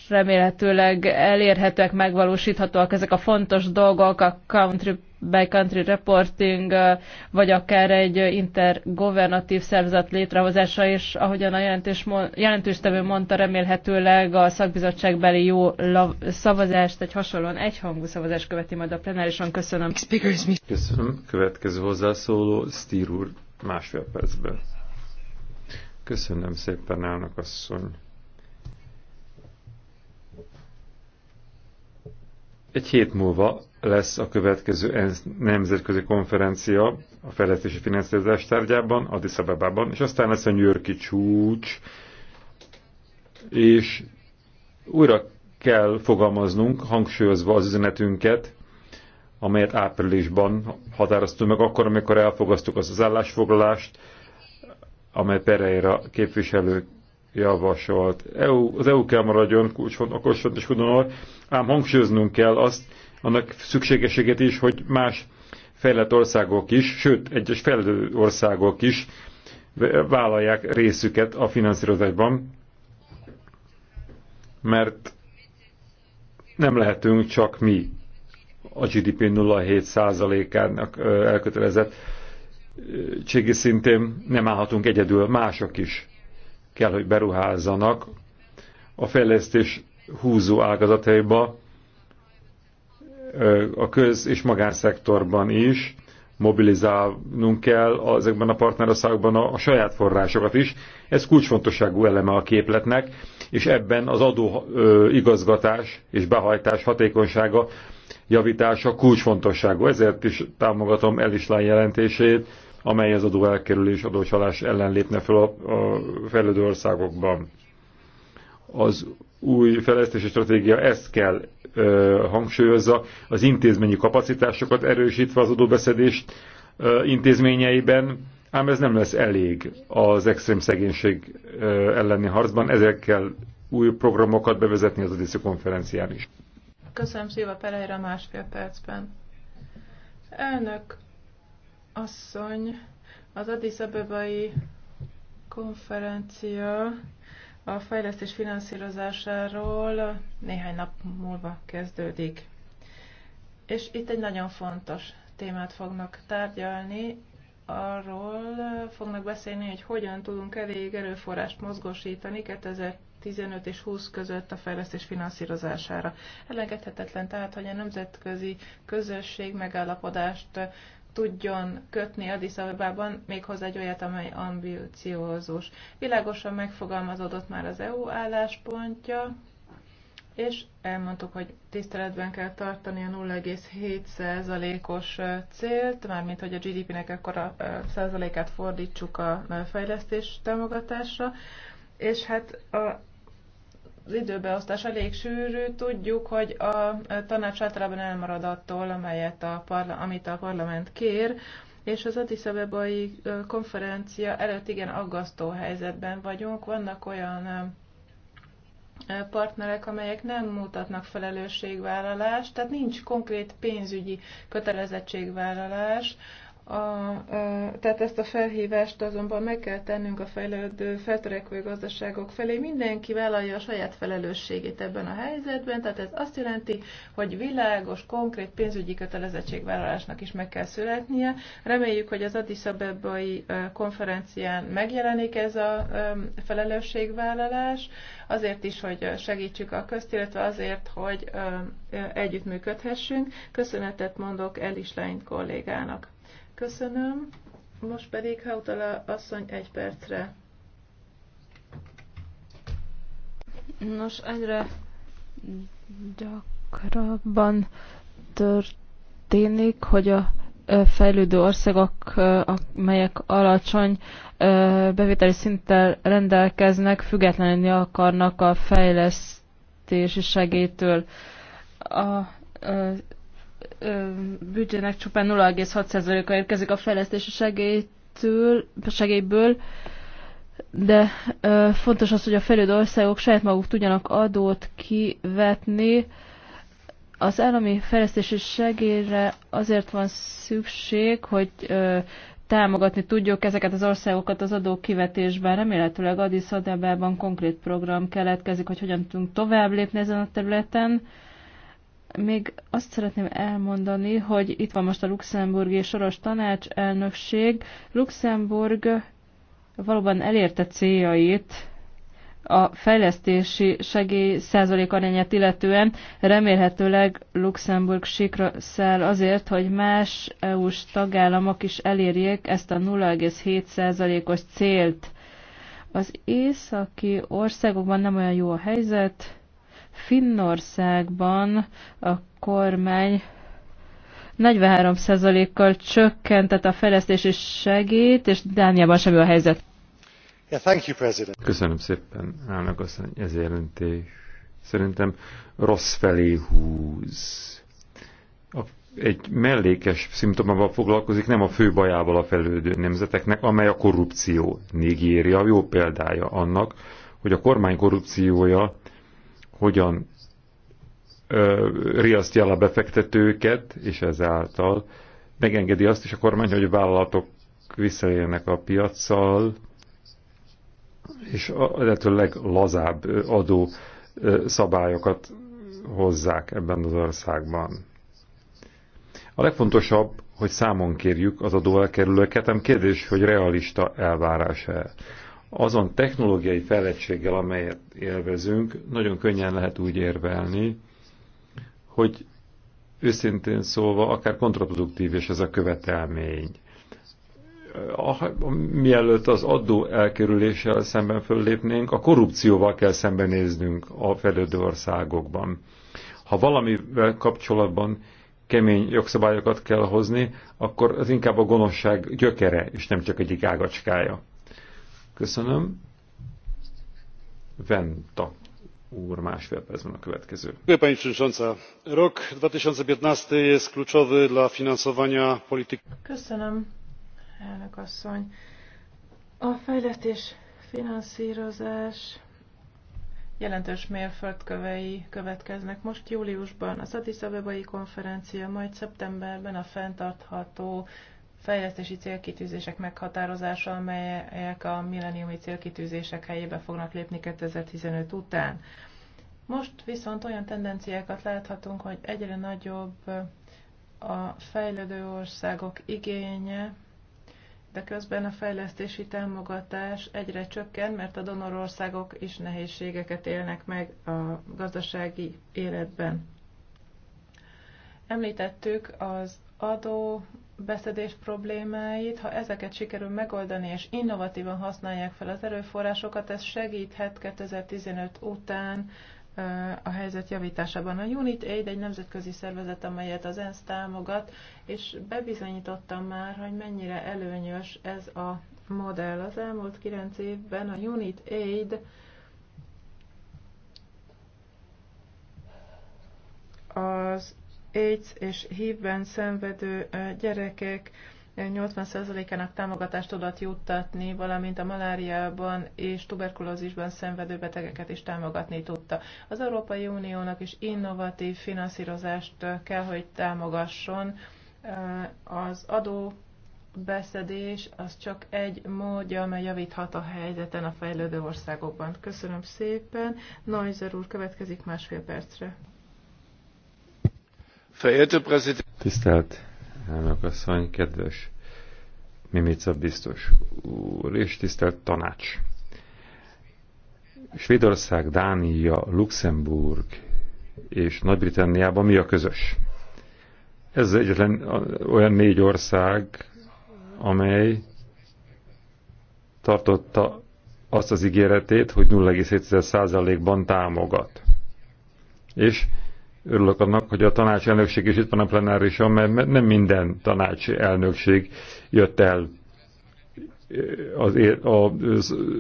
remélhetőleg elérhetőek, megvalósíthatóak ezek a fontos dolgok, a country by country reporting, vagy akár egy intergovernatív szervezet létrehozása, és ahogyan a jelentős, jelentőstevő mondta, remélhetőleg a szakbizottságbeli jó szavazást, egy hasonlóan egyhangú szavazás követi majd a plenárison. Köszönöm. Köszönöm. Következő hozzászóló, Stír úr, másfél percben. Köszönöm szépen, elnök asszony. Egy hét múlva lesz a következő nemzetközi konferencia a fejlesztési finanszírozás tárgyában, Addis Abebában, és aztán lesz a Nyőrki csúcs, és újra kell fogalmaznunk, hangsúlyozva az üzenetünket, amelyet áprilisban határoztunk meg, akkor, amikor elfogasztuk az, az állásfoglalást, amely Pereira képviselő javasolt. EU, az EU kell maradjon kulcsfont, és kudonor, ám hangsúlyoznunk kell azt, annak szükségességét is, hogy más fejlett országok is, sőt, egyes fejlődő országok is vállalják részüket a finanszírozásban, mert nem lehetünk csak mi a GDP 0,7%-ának elkötelezett cségi szintén nem állhatunk egyedül, mások is kell, hogy beruházzanak a fejlesztés húzó ágazataiba, a köz- és magánszektorban is mobilizálnunk kell ezekben a partnerországokban a, a saját forrásokat is. Ez kulcsfontosságú eleme a képletnek, és ebben az adó ö, igazgatás és behajtás hatékonysága javítása kulcsfontosságú. Ezért is támogatom Elislán jelentését, amely az adó elkerülés, adócsalás ellen lépne fel a, a fejlődő országokban. Az új fejlesztési stratégia ezt kell ö, hangsúlyozza, az intézményi kapacitásokat erősítve az adóbeszedést ö, intézményeiben, ám ez nem lesz elég az extrém szegénység ö, elleni harcban, ezért kell új programokat bevezetni az adiszi konferencián is. Köszönöm szépen, Pereira másfél percben. Elnök asszony, az Addis Abebai konferencia a fejlesztés finanszírozásáról néhány nap múlva kezdődik. És itt egy nagyon fontos témát fognak tárgyalni, arról fognak beszélni, hogy hogyan tudunk elég erőforrást mozgósítani 2015 és 20 között a fejlesztés finanszírozására. Elengedhetetlen tehát, hogy a nemzetközi közösség megállapodást tudjon kötni Addis Abebában, méghozzá egy olyat, amely ambiciózus. Világosan megfogalmazódott már az EU álláspontja, és elmondtuk, hogy tiszteletben kell tartani a 0,7%-os célt, mármint hogy a GDP-nek a százalékát fordítsuk a fejlesztés támogatásra, és hát a az időbeosztás elég sűrű, tudjuk, hogy a tanács általában elmarad attól, amelyet a parla- amit a parlament kér, és az Addis Abebai konferencia előtt igen aggasztó helyzetben vagyunk. Vannak olyan partnerek, amelyek nem mutatnak felelősségvállalást, tehát nincs konkrét pénzügyi kötelezettségvállalás a, tehát ezt a felhívást azonban meg kell tennünk a fejlődő, feltörekvő gazdaságok felé. Mindenki vállalja a saját felelősségét ebben a helyzetben, tehát ez azt jelenti, hogy világos, konkrét pénzügyi kötelezettségvállalásnak is meg kell születnie. Reméljük, hogy az Addis Abebai konferencián megjelenik ez a felelősségvállalás, azért is, hogy segítsük a közt, illetve azért, hogy együttműködhessünk. Köszönetet mondok Elislein kollégának. Köszönöm. Most pedig Hautala asszony egy percre. Nos, egyre gyakrabban történik, hogy a fejlődő országok, amelyek alacsony bevételi szinttel rendelkeznek, függetlenülni akarnak a fejlesztési segélytől. A büdzsének csupán 0,6%-a érkezik a fejlesztési segélytől, segélyből, de ö, fontos az, hogy a fejlődő országok saját maguk tudjanak adót kivetni. Az állami fejlesztési segélyre azért van szükség, hogy ö, támogatni tudjuk ezeket az országokat az adó kivetésben. Remélhetőleg Addis Adebában konkrét program keletkezik, hogy hogyan tudunk tovább lépni ezen a területen. Ö, még azt szeretném elmondani, hogy itt van most a luxemburgi soros tanács elnökség. Luxemburg valóban elérte céljait a fejlesztési segély százalék arányát illetően remélhetőleg Luxemburg sikra száll azért, hogy más EU-s tagállamok is elérjék ezt a 0,7 százalékos célt. Az északi országokban nem olyan jó a helyzet, Finnországban a kormány 43%-kal csökkentett a fejlesztési segít, és Dániában sem a helyzet. Yeah, thank you, President. Köszönöm szépen, állnak asszony, ez jelentés. Szerintem rossz felé húz. A, egy mellékes szimptomával foglalkozik, nem a fő bajával a felődő nemzeteknek, amely a korrupció. Nigéria jó példája annak, hogy a kormány korrupciója hogyan ö, riasztja el a befektetőket, és ezáltal megengedi azt is a kormány, hogy a vállalatok visszaérnek a piaccal, és a lehető leglazább adó szabályokat hozzák ebben az országban. A legfontosabb, hogy számon kérjük az adóelkerülőket, nem kérdés, hogy realista elvárás-e azon technológiai fejlettséggel, amelyet élvezünk, nagyon könnyen lehet úgy érvelni, hogy őszintén szólva akár kontraproduktív is ez a követelmény. Mielőtt az adó elkerüléssel szemben föllépnénk, a korrupcióval kell szembenéznünk a fejlődő országokban. Ha valamivel kapcsolatban kemény jogszabályokat kell hozni, akkor az inkább a gonoszság gyökere, és nem csak egyik ágacskája. Köszönöm. Venta úr, másfél percben a következő. Pani Przewodnicząca! Rok 2015 jest kluczowy dla finansowania polityki. Köszönöm, elnök asszony. A fejlesztés finanszírozás jelentős mérföldkövei következnek. Most júliusban az Addis Abebai konferencia, majd szeptemberben a fenntartható fejlesztési célkitűzések meghatározása, amelyek a milleniumi célkitűzések helyébe fognak lépni 2015 után. Most viszont olyan tendenciákat láthatunk, hogy egyre nagyobb a fejlődő országok igénye, de közben a fejlesztési támogatás egyre csökken, mert a donorországok is nehézségeket élnek meg a gazdasági életben. Említettük az adó beszedés problémáit, ha ezeket sikerül megoldani, és innovatívan használják fel az erőforrásokat, ez segíthet 2015 után a helyzet javításában. A Unit Aid egy nemzetközi szervezet, amelyet az ENSZ támogat, és bebizonyítottam már, hogy mennyire előnyös ez a modell. Az elmúlt 9 évben a Unit Aid az AIDS és HIV-ben szenvedő gyerekek 80%-ának támogatást tudott juttatni, valamint a maláriában és tuberkulózisban szenvedő betegeket is támogatni tudta. Az Európai Uniónak is innovatív finanszírozást kell, hogy támogasson. Az adó beszedés az csak egy módja, amely javíthat a helyzeten a fejlődő országokban. Köszönöm szépen. Neuser úr következik másfél percre. Tisztelt elnök asszony, kedves Mimica biztos úr, és tisztelt tanács. Svédország, Dánia, Luxemburg és Nagy-Britanniában mi a közös? Ez egyetlen olyan négy ország, amely tartotta azt az ígéretét, hogy 0,7%-ban támogat. És Örülök annak, hogy a tanács elnökség is itt van a plenárison, mert nem minden tanács elnökség jött el az, a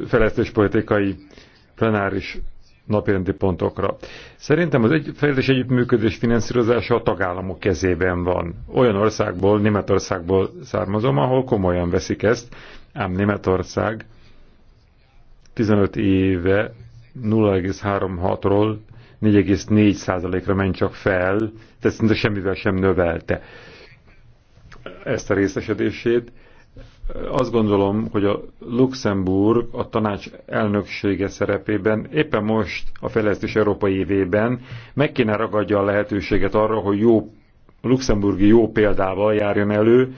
fejlesztés politikai plenáris napirendi pontokra. Szerintem az egy, fejlesztés együttműködés finanszírozása a tagállamok kezében van. Olyan országból, Németországból származom, ahol komolyan veszik ezt, ám Németország 15 éve 0,36-ról 4,4%-ra ment csak fel, tehát szinte semmivel sem növelte ezt a részesedését. Azt gondolom, hogy a Luxemburg a tanács elnöksége szerepében éppen most a fejlesztés európai évében meg kéne ragadja a lehetőséget arra, hogy jó luxemburgi jó példával járjon elő,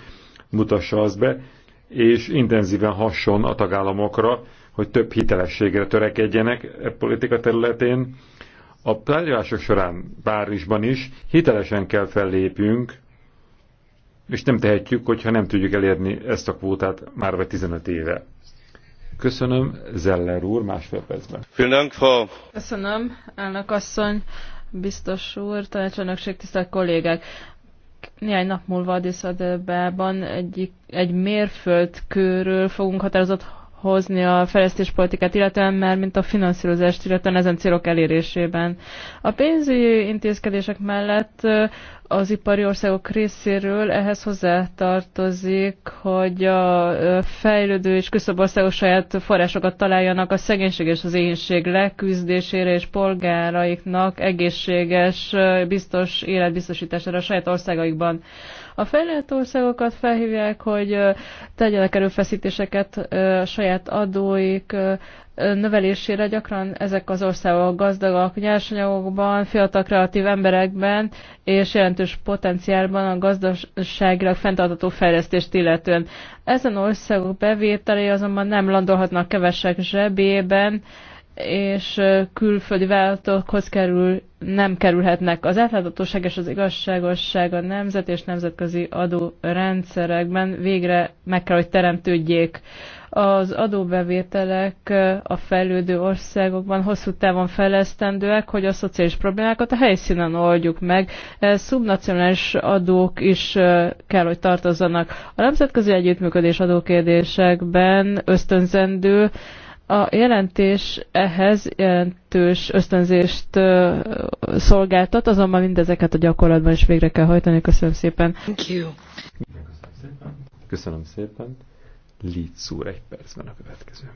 mutassa azt be, és intenzíven hasson a tagállamokra, hogy több hitelességre törekedjenek e politika területén, a tárgyalások során Párizsban is hitelesen kell fellépjünk, és nem tehetjük, hogyha nem tudjuk elérni ezt a kvótát már vagy 15 éve. Köszönöm, Zeller úr, másfél percben. Köszönöm, elnök asszony, biztos úr, tanácsönökség, tisztelt kollégák. Néhány nap múlva Addis Abebában egy mérföldkőről fogunk határozott hozni a fejlesztéspolitikát, illetően már mint a finanszírozást, illetően ezen célok elérésében. A pénzügyi intézkedések mellett az ipari országok részéről ehhez hozzátartozik, hogy a fejlődő és országok saját forrásokat találjanak a szegénység és az éhénység leküzdésére és polgáraiknak egészséges, biztos életbiztosítására a saját országaikban. A fejlett országokat felhívják, hogy tegyenek erőfeszítéseket saját adóik növelésére. Gyakran ezek az országok gazdagak nyersanyagokban, fiatal kreatív emberekben és jelentős potenciálban a gazdaságra fenntartató fejlesztést illetően. Ezen országok bevételei azonban nem landolhatnak kevesek zsebében, és külföldi vállalatokhoz kerül, nem kerülhetnek. Az átláthatóság és az igazságosság a nemzet és nemzetközi adórendszerekben végre meg kell, hogy teremtődjék. Az adóbevételek a fejlődő országokban hosszú távon fejlesztendőek, hogy a szociális problémákat a helyszínen oldjuk meg. E, szubnacionális adók is kell, hogy tartozzanak. A nemzetközi együttműködés adókérdésekben ösztönzendő, a jelentés ehhez jelentős ösztönzést szolgáltat, azonban mindezeket a gyakorlatban is végre kell hajtani. Köszönöm szépen. Thank you. Köszönöm szépen. Litz úr egy percben a következő.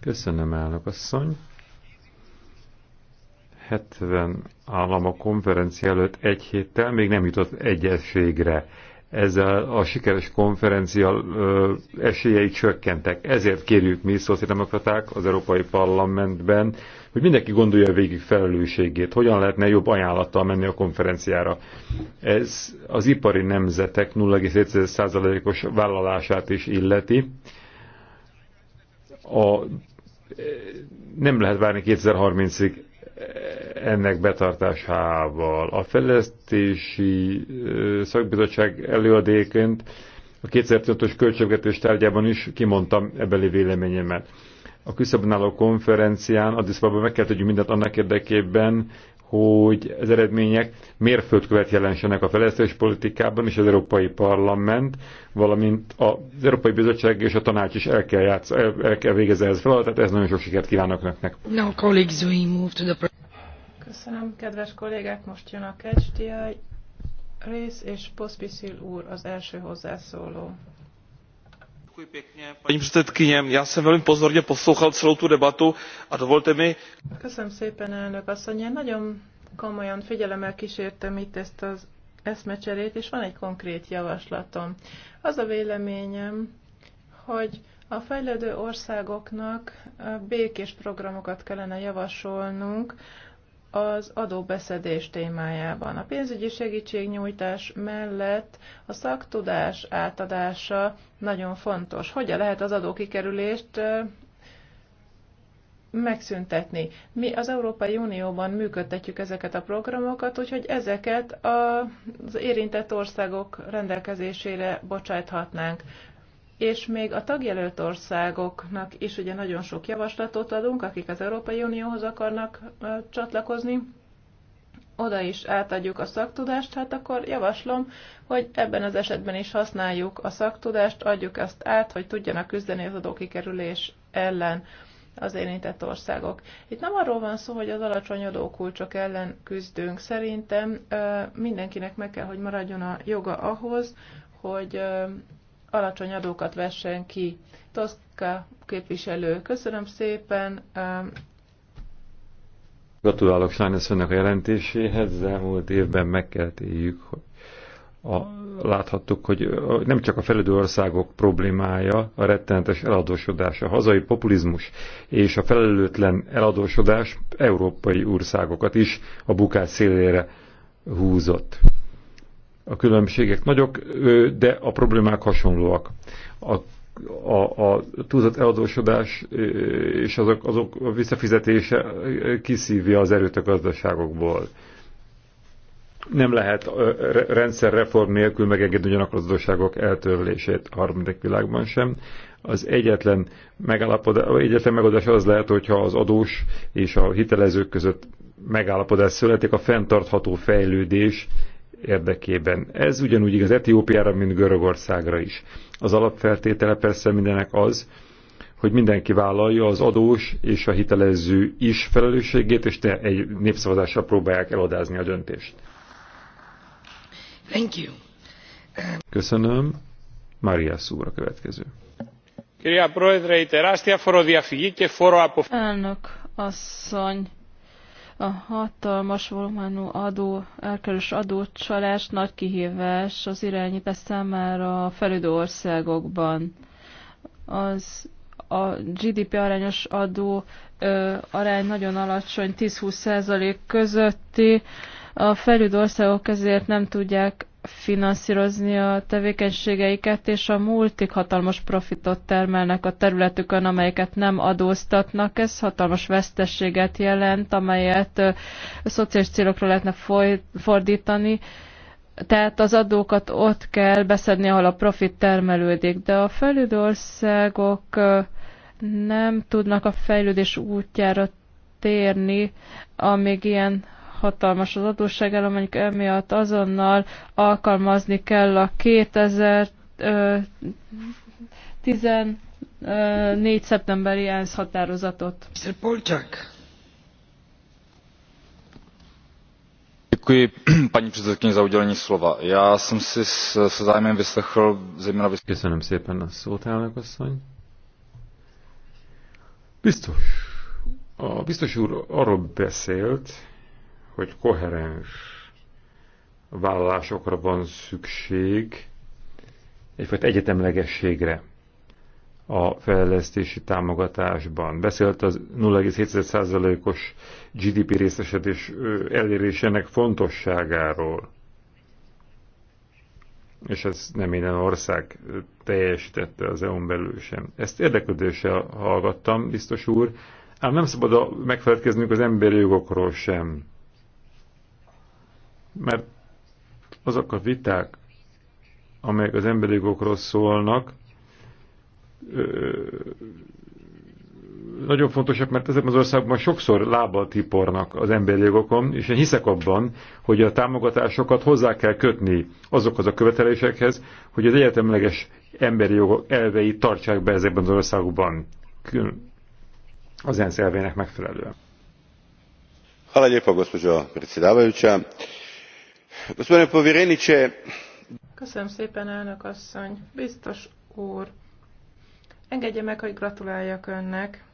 Köszönöm, elnök asszony. 70 állam a konferencia előtt egy héttel még nem jutott egyességre ezzel a sikeres konferencia esélyei csökkentek. Ezért kérjük mi szociáldemokraták az Európai Parlamentben, hogy mindenki gondolja végig felelősségét, hogyan lehetne jobb ajánlattal menni a konferenciára. Ez az ipari nemzetek 0,7%-os vállalását is illeti. A, nem lehet várni 2030-ig ennek betartásával. A fejlesztési szakbizottság előadéként a 2015-ös költségvetés tárgyában is kimondtam ebeli véleményemet. A küszöbön álló konferencián Addis Ababa meg kell tegyünk mindent annak érdekében, hogy az eredmények mérföldkövet jelensenek a fejlesztés politikában, és az Európai Parlament, valamint az Európai Bizottság és a Tanács is el kell, játsz, el, el kell végezze ez feladatát, ez nagyon sok sikert kívánok nektek. Köszönöm, kedves kollégák, most jön a KCDI rész, és Poszpiszil úr az első hozzászóló paní předsedající já jsem velmi pozorně poslouchal celou tu debatu a dovolte mi. köszönöm szépen elnök asszony én nagyon komolyan figyelemmel itt ezt az eszmecserét és van egy konkrét javaslatom. Az a véleményem, hogy a fejlődő országoknak békés programokat kellene javasolnunk, az adóbeszedés témájában. A pénzügyi segítségnyújtás mellett a szaktudás átadása nagyon fontos. Hogyan lehet az adókikerülést megszüntetni. Mi az Európai Unióban működtetjük ezeket a programokat, úgyhogy ezeket az érintett országok rendelkezésére bocsáthatnánk és még a tagjelölt országoknak is ugye nagyon sok javaslatot adunk, akik az Európai Unióhoz akarnak csatlakozni, oda is átadjuk a szaktudást, hát akkor javaslom, hogy ebben az esetben is használjuk a szaktudást, adjuk azt át, hogy tudjanak küzdeni az adókikerülés ellen az érintett országok. Itt nem arról van szó, hogy az alacsony adókulcsok ellen küzdünk. Szerintem mindenkinek meg kell, hogy maradjon a joga ahhoz, hogy alacsony adókat vessen ki. Toszka képviselő, köszönöm szépen. Gratulálok önnek a jelentéséhez. Az elmúlt évben meg kell éljük, hogy a, láthattuk, hogy nem csak a fejlődő országok problémája a rettenetes eladósodás, a hazai populizmus és a felelőtlen eladósodás európai országokat is a bukás szélére húzott. A különbségek nagyok, de a problémák hasonlóak. A a, a túlzott eladósodás és azok, azok a visszafizetése kiszívja az erőt a gazdaságokból. Nem lehet rendszerreform nélkül megengedni ugyanakkor az adósságok eltörlését a harmadik világban sem. Az egyetlen, egyetlen megoldás az lehet, hogyha az adós és a hitelezők között megállapodás születik, a fenntartható fejlődés érdekében. Ez ugyanúgy igaz Etiópiára, mint Görögországra is. Az alapfeltétele persze mindenek az, hogy mindenki vállalja az adós és a hitelező is felelősségét, és ne egy népszavazásra próbálják eladázni a döntést. Thank you. Köszönöm. Maria Szúra következő. Elnök asszony, a hatalmas volumenú adó, elkerülés adócsalás nagy kihívás az irányítás számára a felüldő országokban. Az a GDP arányos adó ö, arány nagyon alacsony, 10-20 százalék közötti. A felüldő országok ezért nem tudják finanszírozni a tevékenységeiket, és a múltig hatalmas profitot termelnek a területükön, amelyeket nem adóztatnak. Ez hatalmas vesztességet jelent, amelyet szociális célokra lehetne fordítani. Tehát az adókat ott kell beszedni, ahol a profit termelődik, de a fejlődő országok nem tudnak a fejlődés útjára térni, amíg ilyen hatalmas az mondjuk emiatt azonnal alkalmazni kell a 2014. szeptemberi ENSZ határozatot. Děkuji paní předsedkyni za udělení slova. Já jsem si se zájmem vyslechl zejména... Köszönöm szépen a szót, elnök asszony. Biztos. A biztos úr arról beszélt, hogy koherens vállalásokra van szükség, egyfajta egyetemlegességre a fejlesztési támogatásban. Beszélt az 0,7%-os GDP részesedés elérésének fontosságáról. És ez nem minden ország teljesítette az EU-n belül sem. Ezt érdeklődéssel hallgattam, biztos úr, ám nem szabad megfelelkeznünk az emberi jogokról sem mert azok a viták, amelyek az emberi jogokról szólnak, nagyon fontosak, mert ezek az országban sokszor lábbal tipornak az emberi jogokon, és én hiszek abban, hogy a támogatásokat hozzá kell kötni azokhoz a követelésekhez, hogy az egyetemleges emberi jogok elvei tartsák be ezekben az országokban az ENSZ elvének megfelelően. Hvala lijepo gospođo predsjedavajuća gospodine povjerenie köszönöm szépen elnök asszony biztos úr engedje meg hogy gratuláljak önnek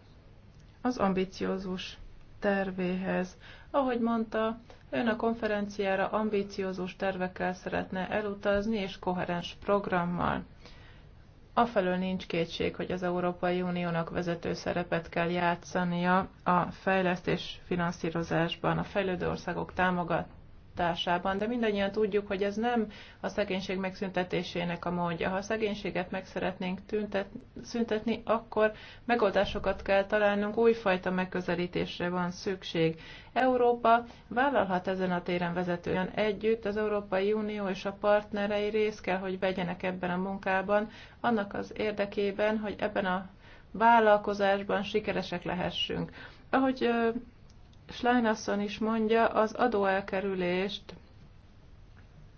az ambiciózus tervéhez ahogy mondta ön a konferenciára ambiciózus tervekkel szeretne elutazni és koherens programmal afelől nincs kétség, hogy az Európai Uniónak vezető szerepet kell játszania a fejlesztés finanszírozásban, a fejlődő országok támogat, társában, de mindannyian tudjuk, hogy ez nem a szegénység megszüntetésének a módja. Ha a szegénységet meg szeretnénk tüntet, szüntetni, akkor megoldásokat kell találnunk, újfajta megközelítésre van szükség. Európa vállalhat ezen a téren vezetően együtt, az Európai Unió és a partnerei rész kell, hogy vegyenek ebben a munkában, annak az érdekében, hogy ebben a vállalkozásban sikeresek lehessünk. Ahogy Schlein is mondja, az adóelkerülést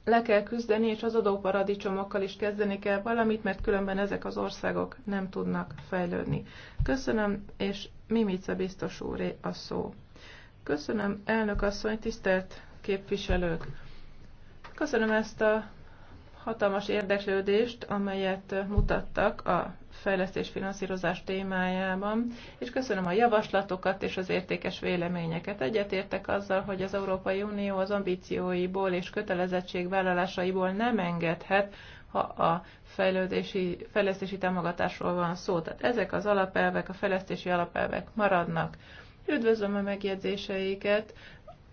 le kell küzdeni, és az adóparadicsomokkal is kezdeni kell valamit, mert különben ezek az országok nem tudnak fejlődni. Köszönöm, és Mimica biztos úré a szó. Köszönöm, elnök asszony, tisztelt képviselők! Köszönöm ezt a hatalmas érdeklődést, amelyet mutattak a fejlesztés finanszírozás témájában, és köszönöm a javaslatokat és az értékes véleményeket. Egyetértek azzal, hogy az Európai Unió az ambícióiból és kötelezettségvállalásaiból nem engedhet, ha a fejlődési, fejlesztési támogatásról van szó. Tehát ezek az alapelvek, a fejlesztési alapelvek maradnak. Üdvözlöm a megjegyzéseiket,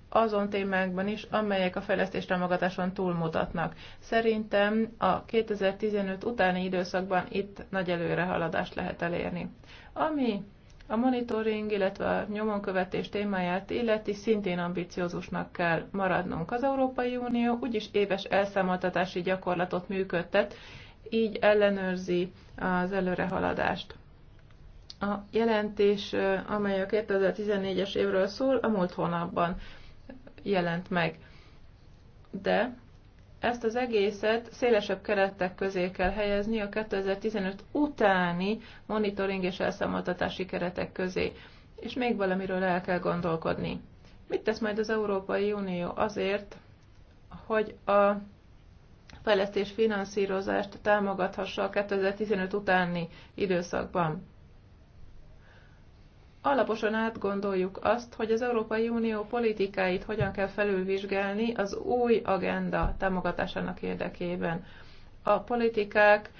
azon témákban is, amelyek a fejlesztés támogatáson túlmutatnak. Szerintem a 2015 utáni időszakban itt nagy előrehaladást lehet elérni. Ami a monitoring, illetve a nyomonkövetés témáját illeti szintén ambiciózusnak kell maradnunk. Az Európai Unió úgyis éves elszámoltatási gyakorlatot működtet, így ellenőrzi az előrehaladást. A jelentés, amely a 2014-es évről szól, a múlt hónapban jelent meg. De ezt az egészet szélesebb keretek közé kell helyezni a 2015 utáni monitoring és elszámoltatási keretek közé. És még valamiről el kell gondolkodni. Mit tesz majd az Európai Unió azért, hogy a fejlesztés finanszírozást támogathassa a 2015 utáni időszakban? alaposan átgondoljuk azt, hogy az Európai Unió politikáit hogyan kell felülvizsgálni az új agenda támogatásának érdekében. A politikák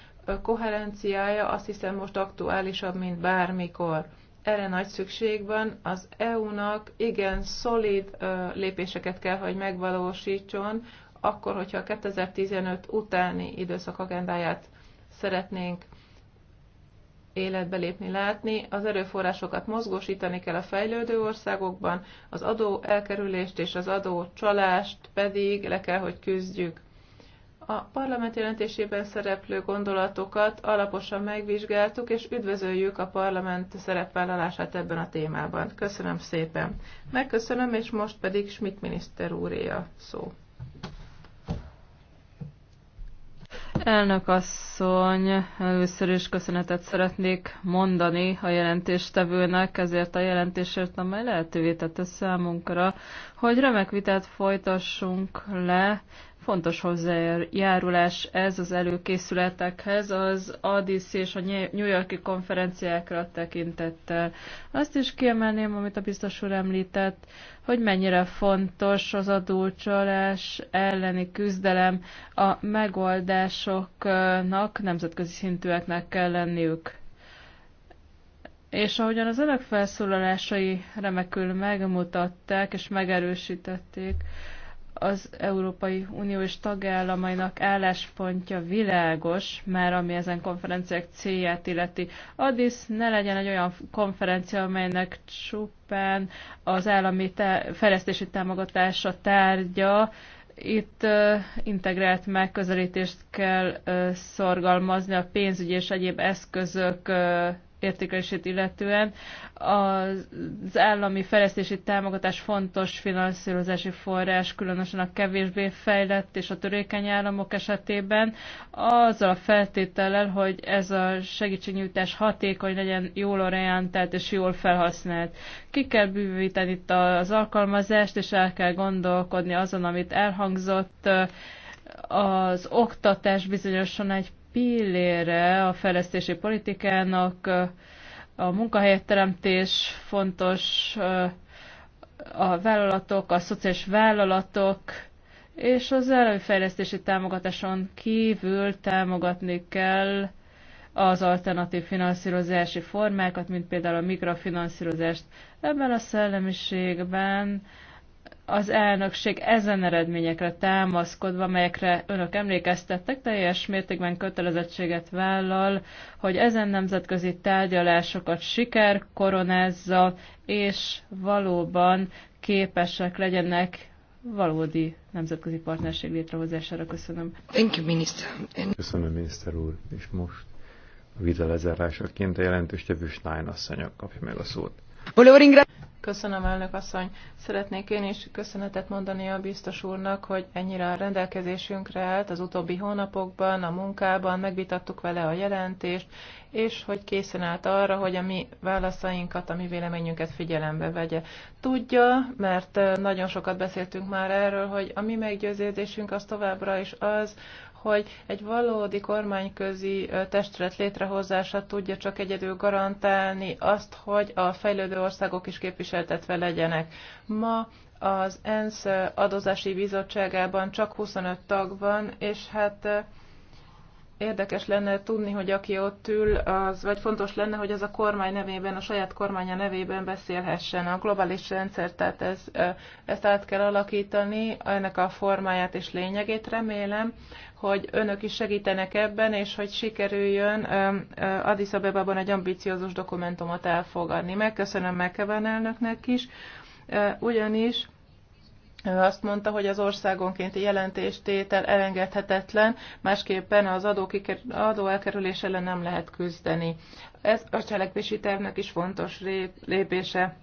koherenciája azt hiszem most aktuálisabb, mint bármikor. Erre nagy szükség van, az EU-nak igen szolid lépéseket kell, hogy megvalósítson, akkor, hogyha a 2015 utáni időszak agendáját szeretnénk életbe lépni, látni, az erőforrásokat mozgósítani kell a fejlődő országokban, az adó elkerülést és az adó csalást pedig le kell, hogy küzdjük. A parlament jelentésében szereplő gondolatokat alaposan megvizsgáltuk, és üdvözöljük a parlament szerepvállalását ebben a témában. Köszönöm szépen. Megköszönöm, és most pedig Schmidt miniszter úré a szó. Elnök asszony, először is köszönetet szeretnék mondani a jelentéstevőnek ezért a jelentésért, amely lehetővé tette számunkra, hogy remek vitát folytassunk le Fontos hozzájárulás ez az előkészületekhez, az ADC és a New Yorki konferenciákra tekintettel. Azt is kiemelném, amit a biztos úr említett, hogy mennyire fontos az adócsalás elleni küzdelem, a megoldásoknak nemzetközi szintűeknek kell lenniük. És ahogyan az önök felszólalásai remekül megmutatták és megerősítették, az Európai Unió és tagállamainak álláspontja világos, mert ami ezen konferenciák célját illeti. Addis ne legyen egy olyan konferencia, amelynek csupán az állami tá- fejlesztési támogatása tárgya, itt uh, integrált megközelítést kell uh, szorgalmazni a pénzügyi és egyéb eszközök uh, értékelését illetően az állami fejlesztési támogatás fontos finanszírozási forrás, különösen a kevésbé fejlett és a törékeny államok esetében, azzal a feltétellel, hogy ez a segítségnyújtás hatékony legyen, jól orientált és jól felhasznált. Ki kell bűvíteni itt az alkalmazást, és el kell gondolkodni azon, amit elhangzott, az oktatás bizonyosan egy pillére a fejlesztési politikának, a munkahelyteremtés fontos, a vállalatok, a szociális vállalatok, és az előfejlesztési támogatáson kívül támogatni kell az alternatív finanszírozási formákat, mint például a mikrofinanszírozást. Ebben a szellemiségben az elnökség ezen eredményekre támaszkodva, melyekre önök emlékeztettek, teljes mértékben kötelezettséget vállal, hogy ezen nemzetközi tárgyalásokat siker koronázza, és valóban képesek legyenek valódi nemzetközi partnerség létrehozására. Köszönöm. Thank you, miniszter. Köszönöm, miniszter úr. És most a vita lezárásaként a jelentős tevő Stein asszonyok kapja meg a szót. Köszönöm, elnök asszony. Szeretnék én is köszönetet mondani a biztos úrnak, hogy ennyire a rendelkezésünkre állt az utóbbi hónapokban, a munkában, megvitattuk vele a jelentést, és hogy készen állt arra, hogy a mi válaszainkat, a mi véleményünket figyelembe vegye. Tudja, mert nagyon sokat beszéltünk már erről, hogy a mi meggyőződésünk az továbbra is az, hogy egy valódi kormányközi testület létrehozása tudja csak egyedül garantálni azt, hogy a fejlődő országok is képviseltetve legyenek. Ma az ENSZ adozási bizottságában csak 25 tag van, és hát érdekes lenne tudni, hogy aki ott ül, az, vagy fontos lenne, hogy az a kormány nevében, a saját kormánya nevében beszélhessen. A globális rendszer, tehát ez, ezt át kell alakítani, ennek a formáját és lényegét remélem, hogy önök is segítenek ebben, és hogy sikerüljön Addis Abebában egy ambiciózus dokumentumot elfogadni. Megköszönöm Mekeven elnöknek is, ugyanis azt mondta, hogy az országonkénti jelentéstétel elengedhetetlen, másképpen az adóelkerülés ellen nem lehet küzdeni. Ez a cselekvési tervnek is fontos lépése.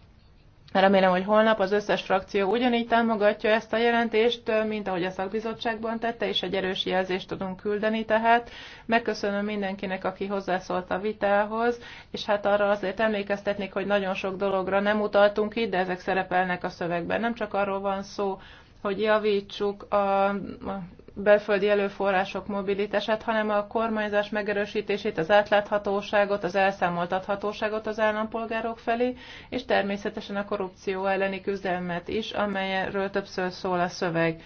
Remélem, hogy holnap az összes frakció ugyanígy támogatja ezt a jelentést, mint ahogy a szakbizottságban tette, és egy erős jelzést tudunk küldeni tehát. Megköszönöm mindenkinek, aki hozzászólt a vitához, és hát arra azért emlékeztetnék, hogy nagyon sok dologra nem utaltunk itt, de ezek szerepelnek a szövegben. Nem csak arról van szó, hogy javítsuk a belföldi előforrások mobilitását, hanem a kormányzás megerősítését, az átláthatóságot, az elszámoltathatóságot az állampolgárok felé, és természetesen a korrupció elleni küzdelmet is, amelyről többször szól a szöveg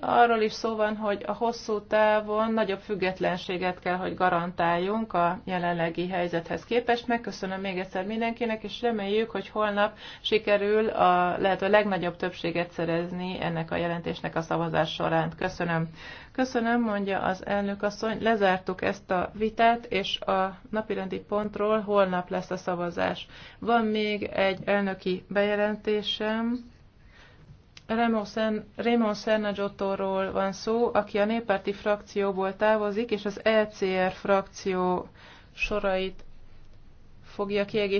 arról is szó van, hogy a hosszú távon nagyobb függetlenséget kell, hogy garantáljunk a jelenlegi helyzethez képest. Megköszönöm még egyszer mindenkinek, és reméljük, hogy holnap sikerül a lehető legnagyobb többséget szerezni ennek a jelentésnek a szavazás során. Köszönöm. Köszönöm, mondja az elnök asszony. Lezártuk ezt a vitát, és a napirendi pontról holnap lesz a szavazás. Van még egy elnöki bejelentésem. Raymond Serna Giottoról van szó, aki a néppárti frakcióból távozik, és az ECR frakció sorait fogja kiegészíteni.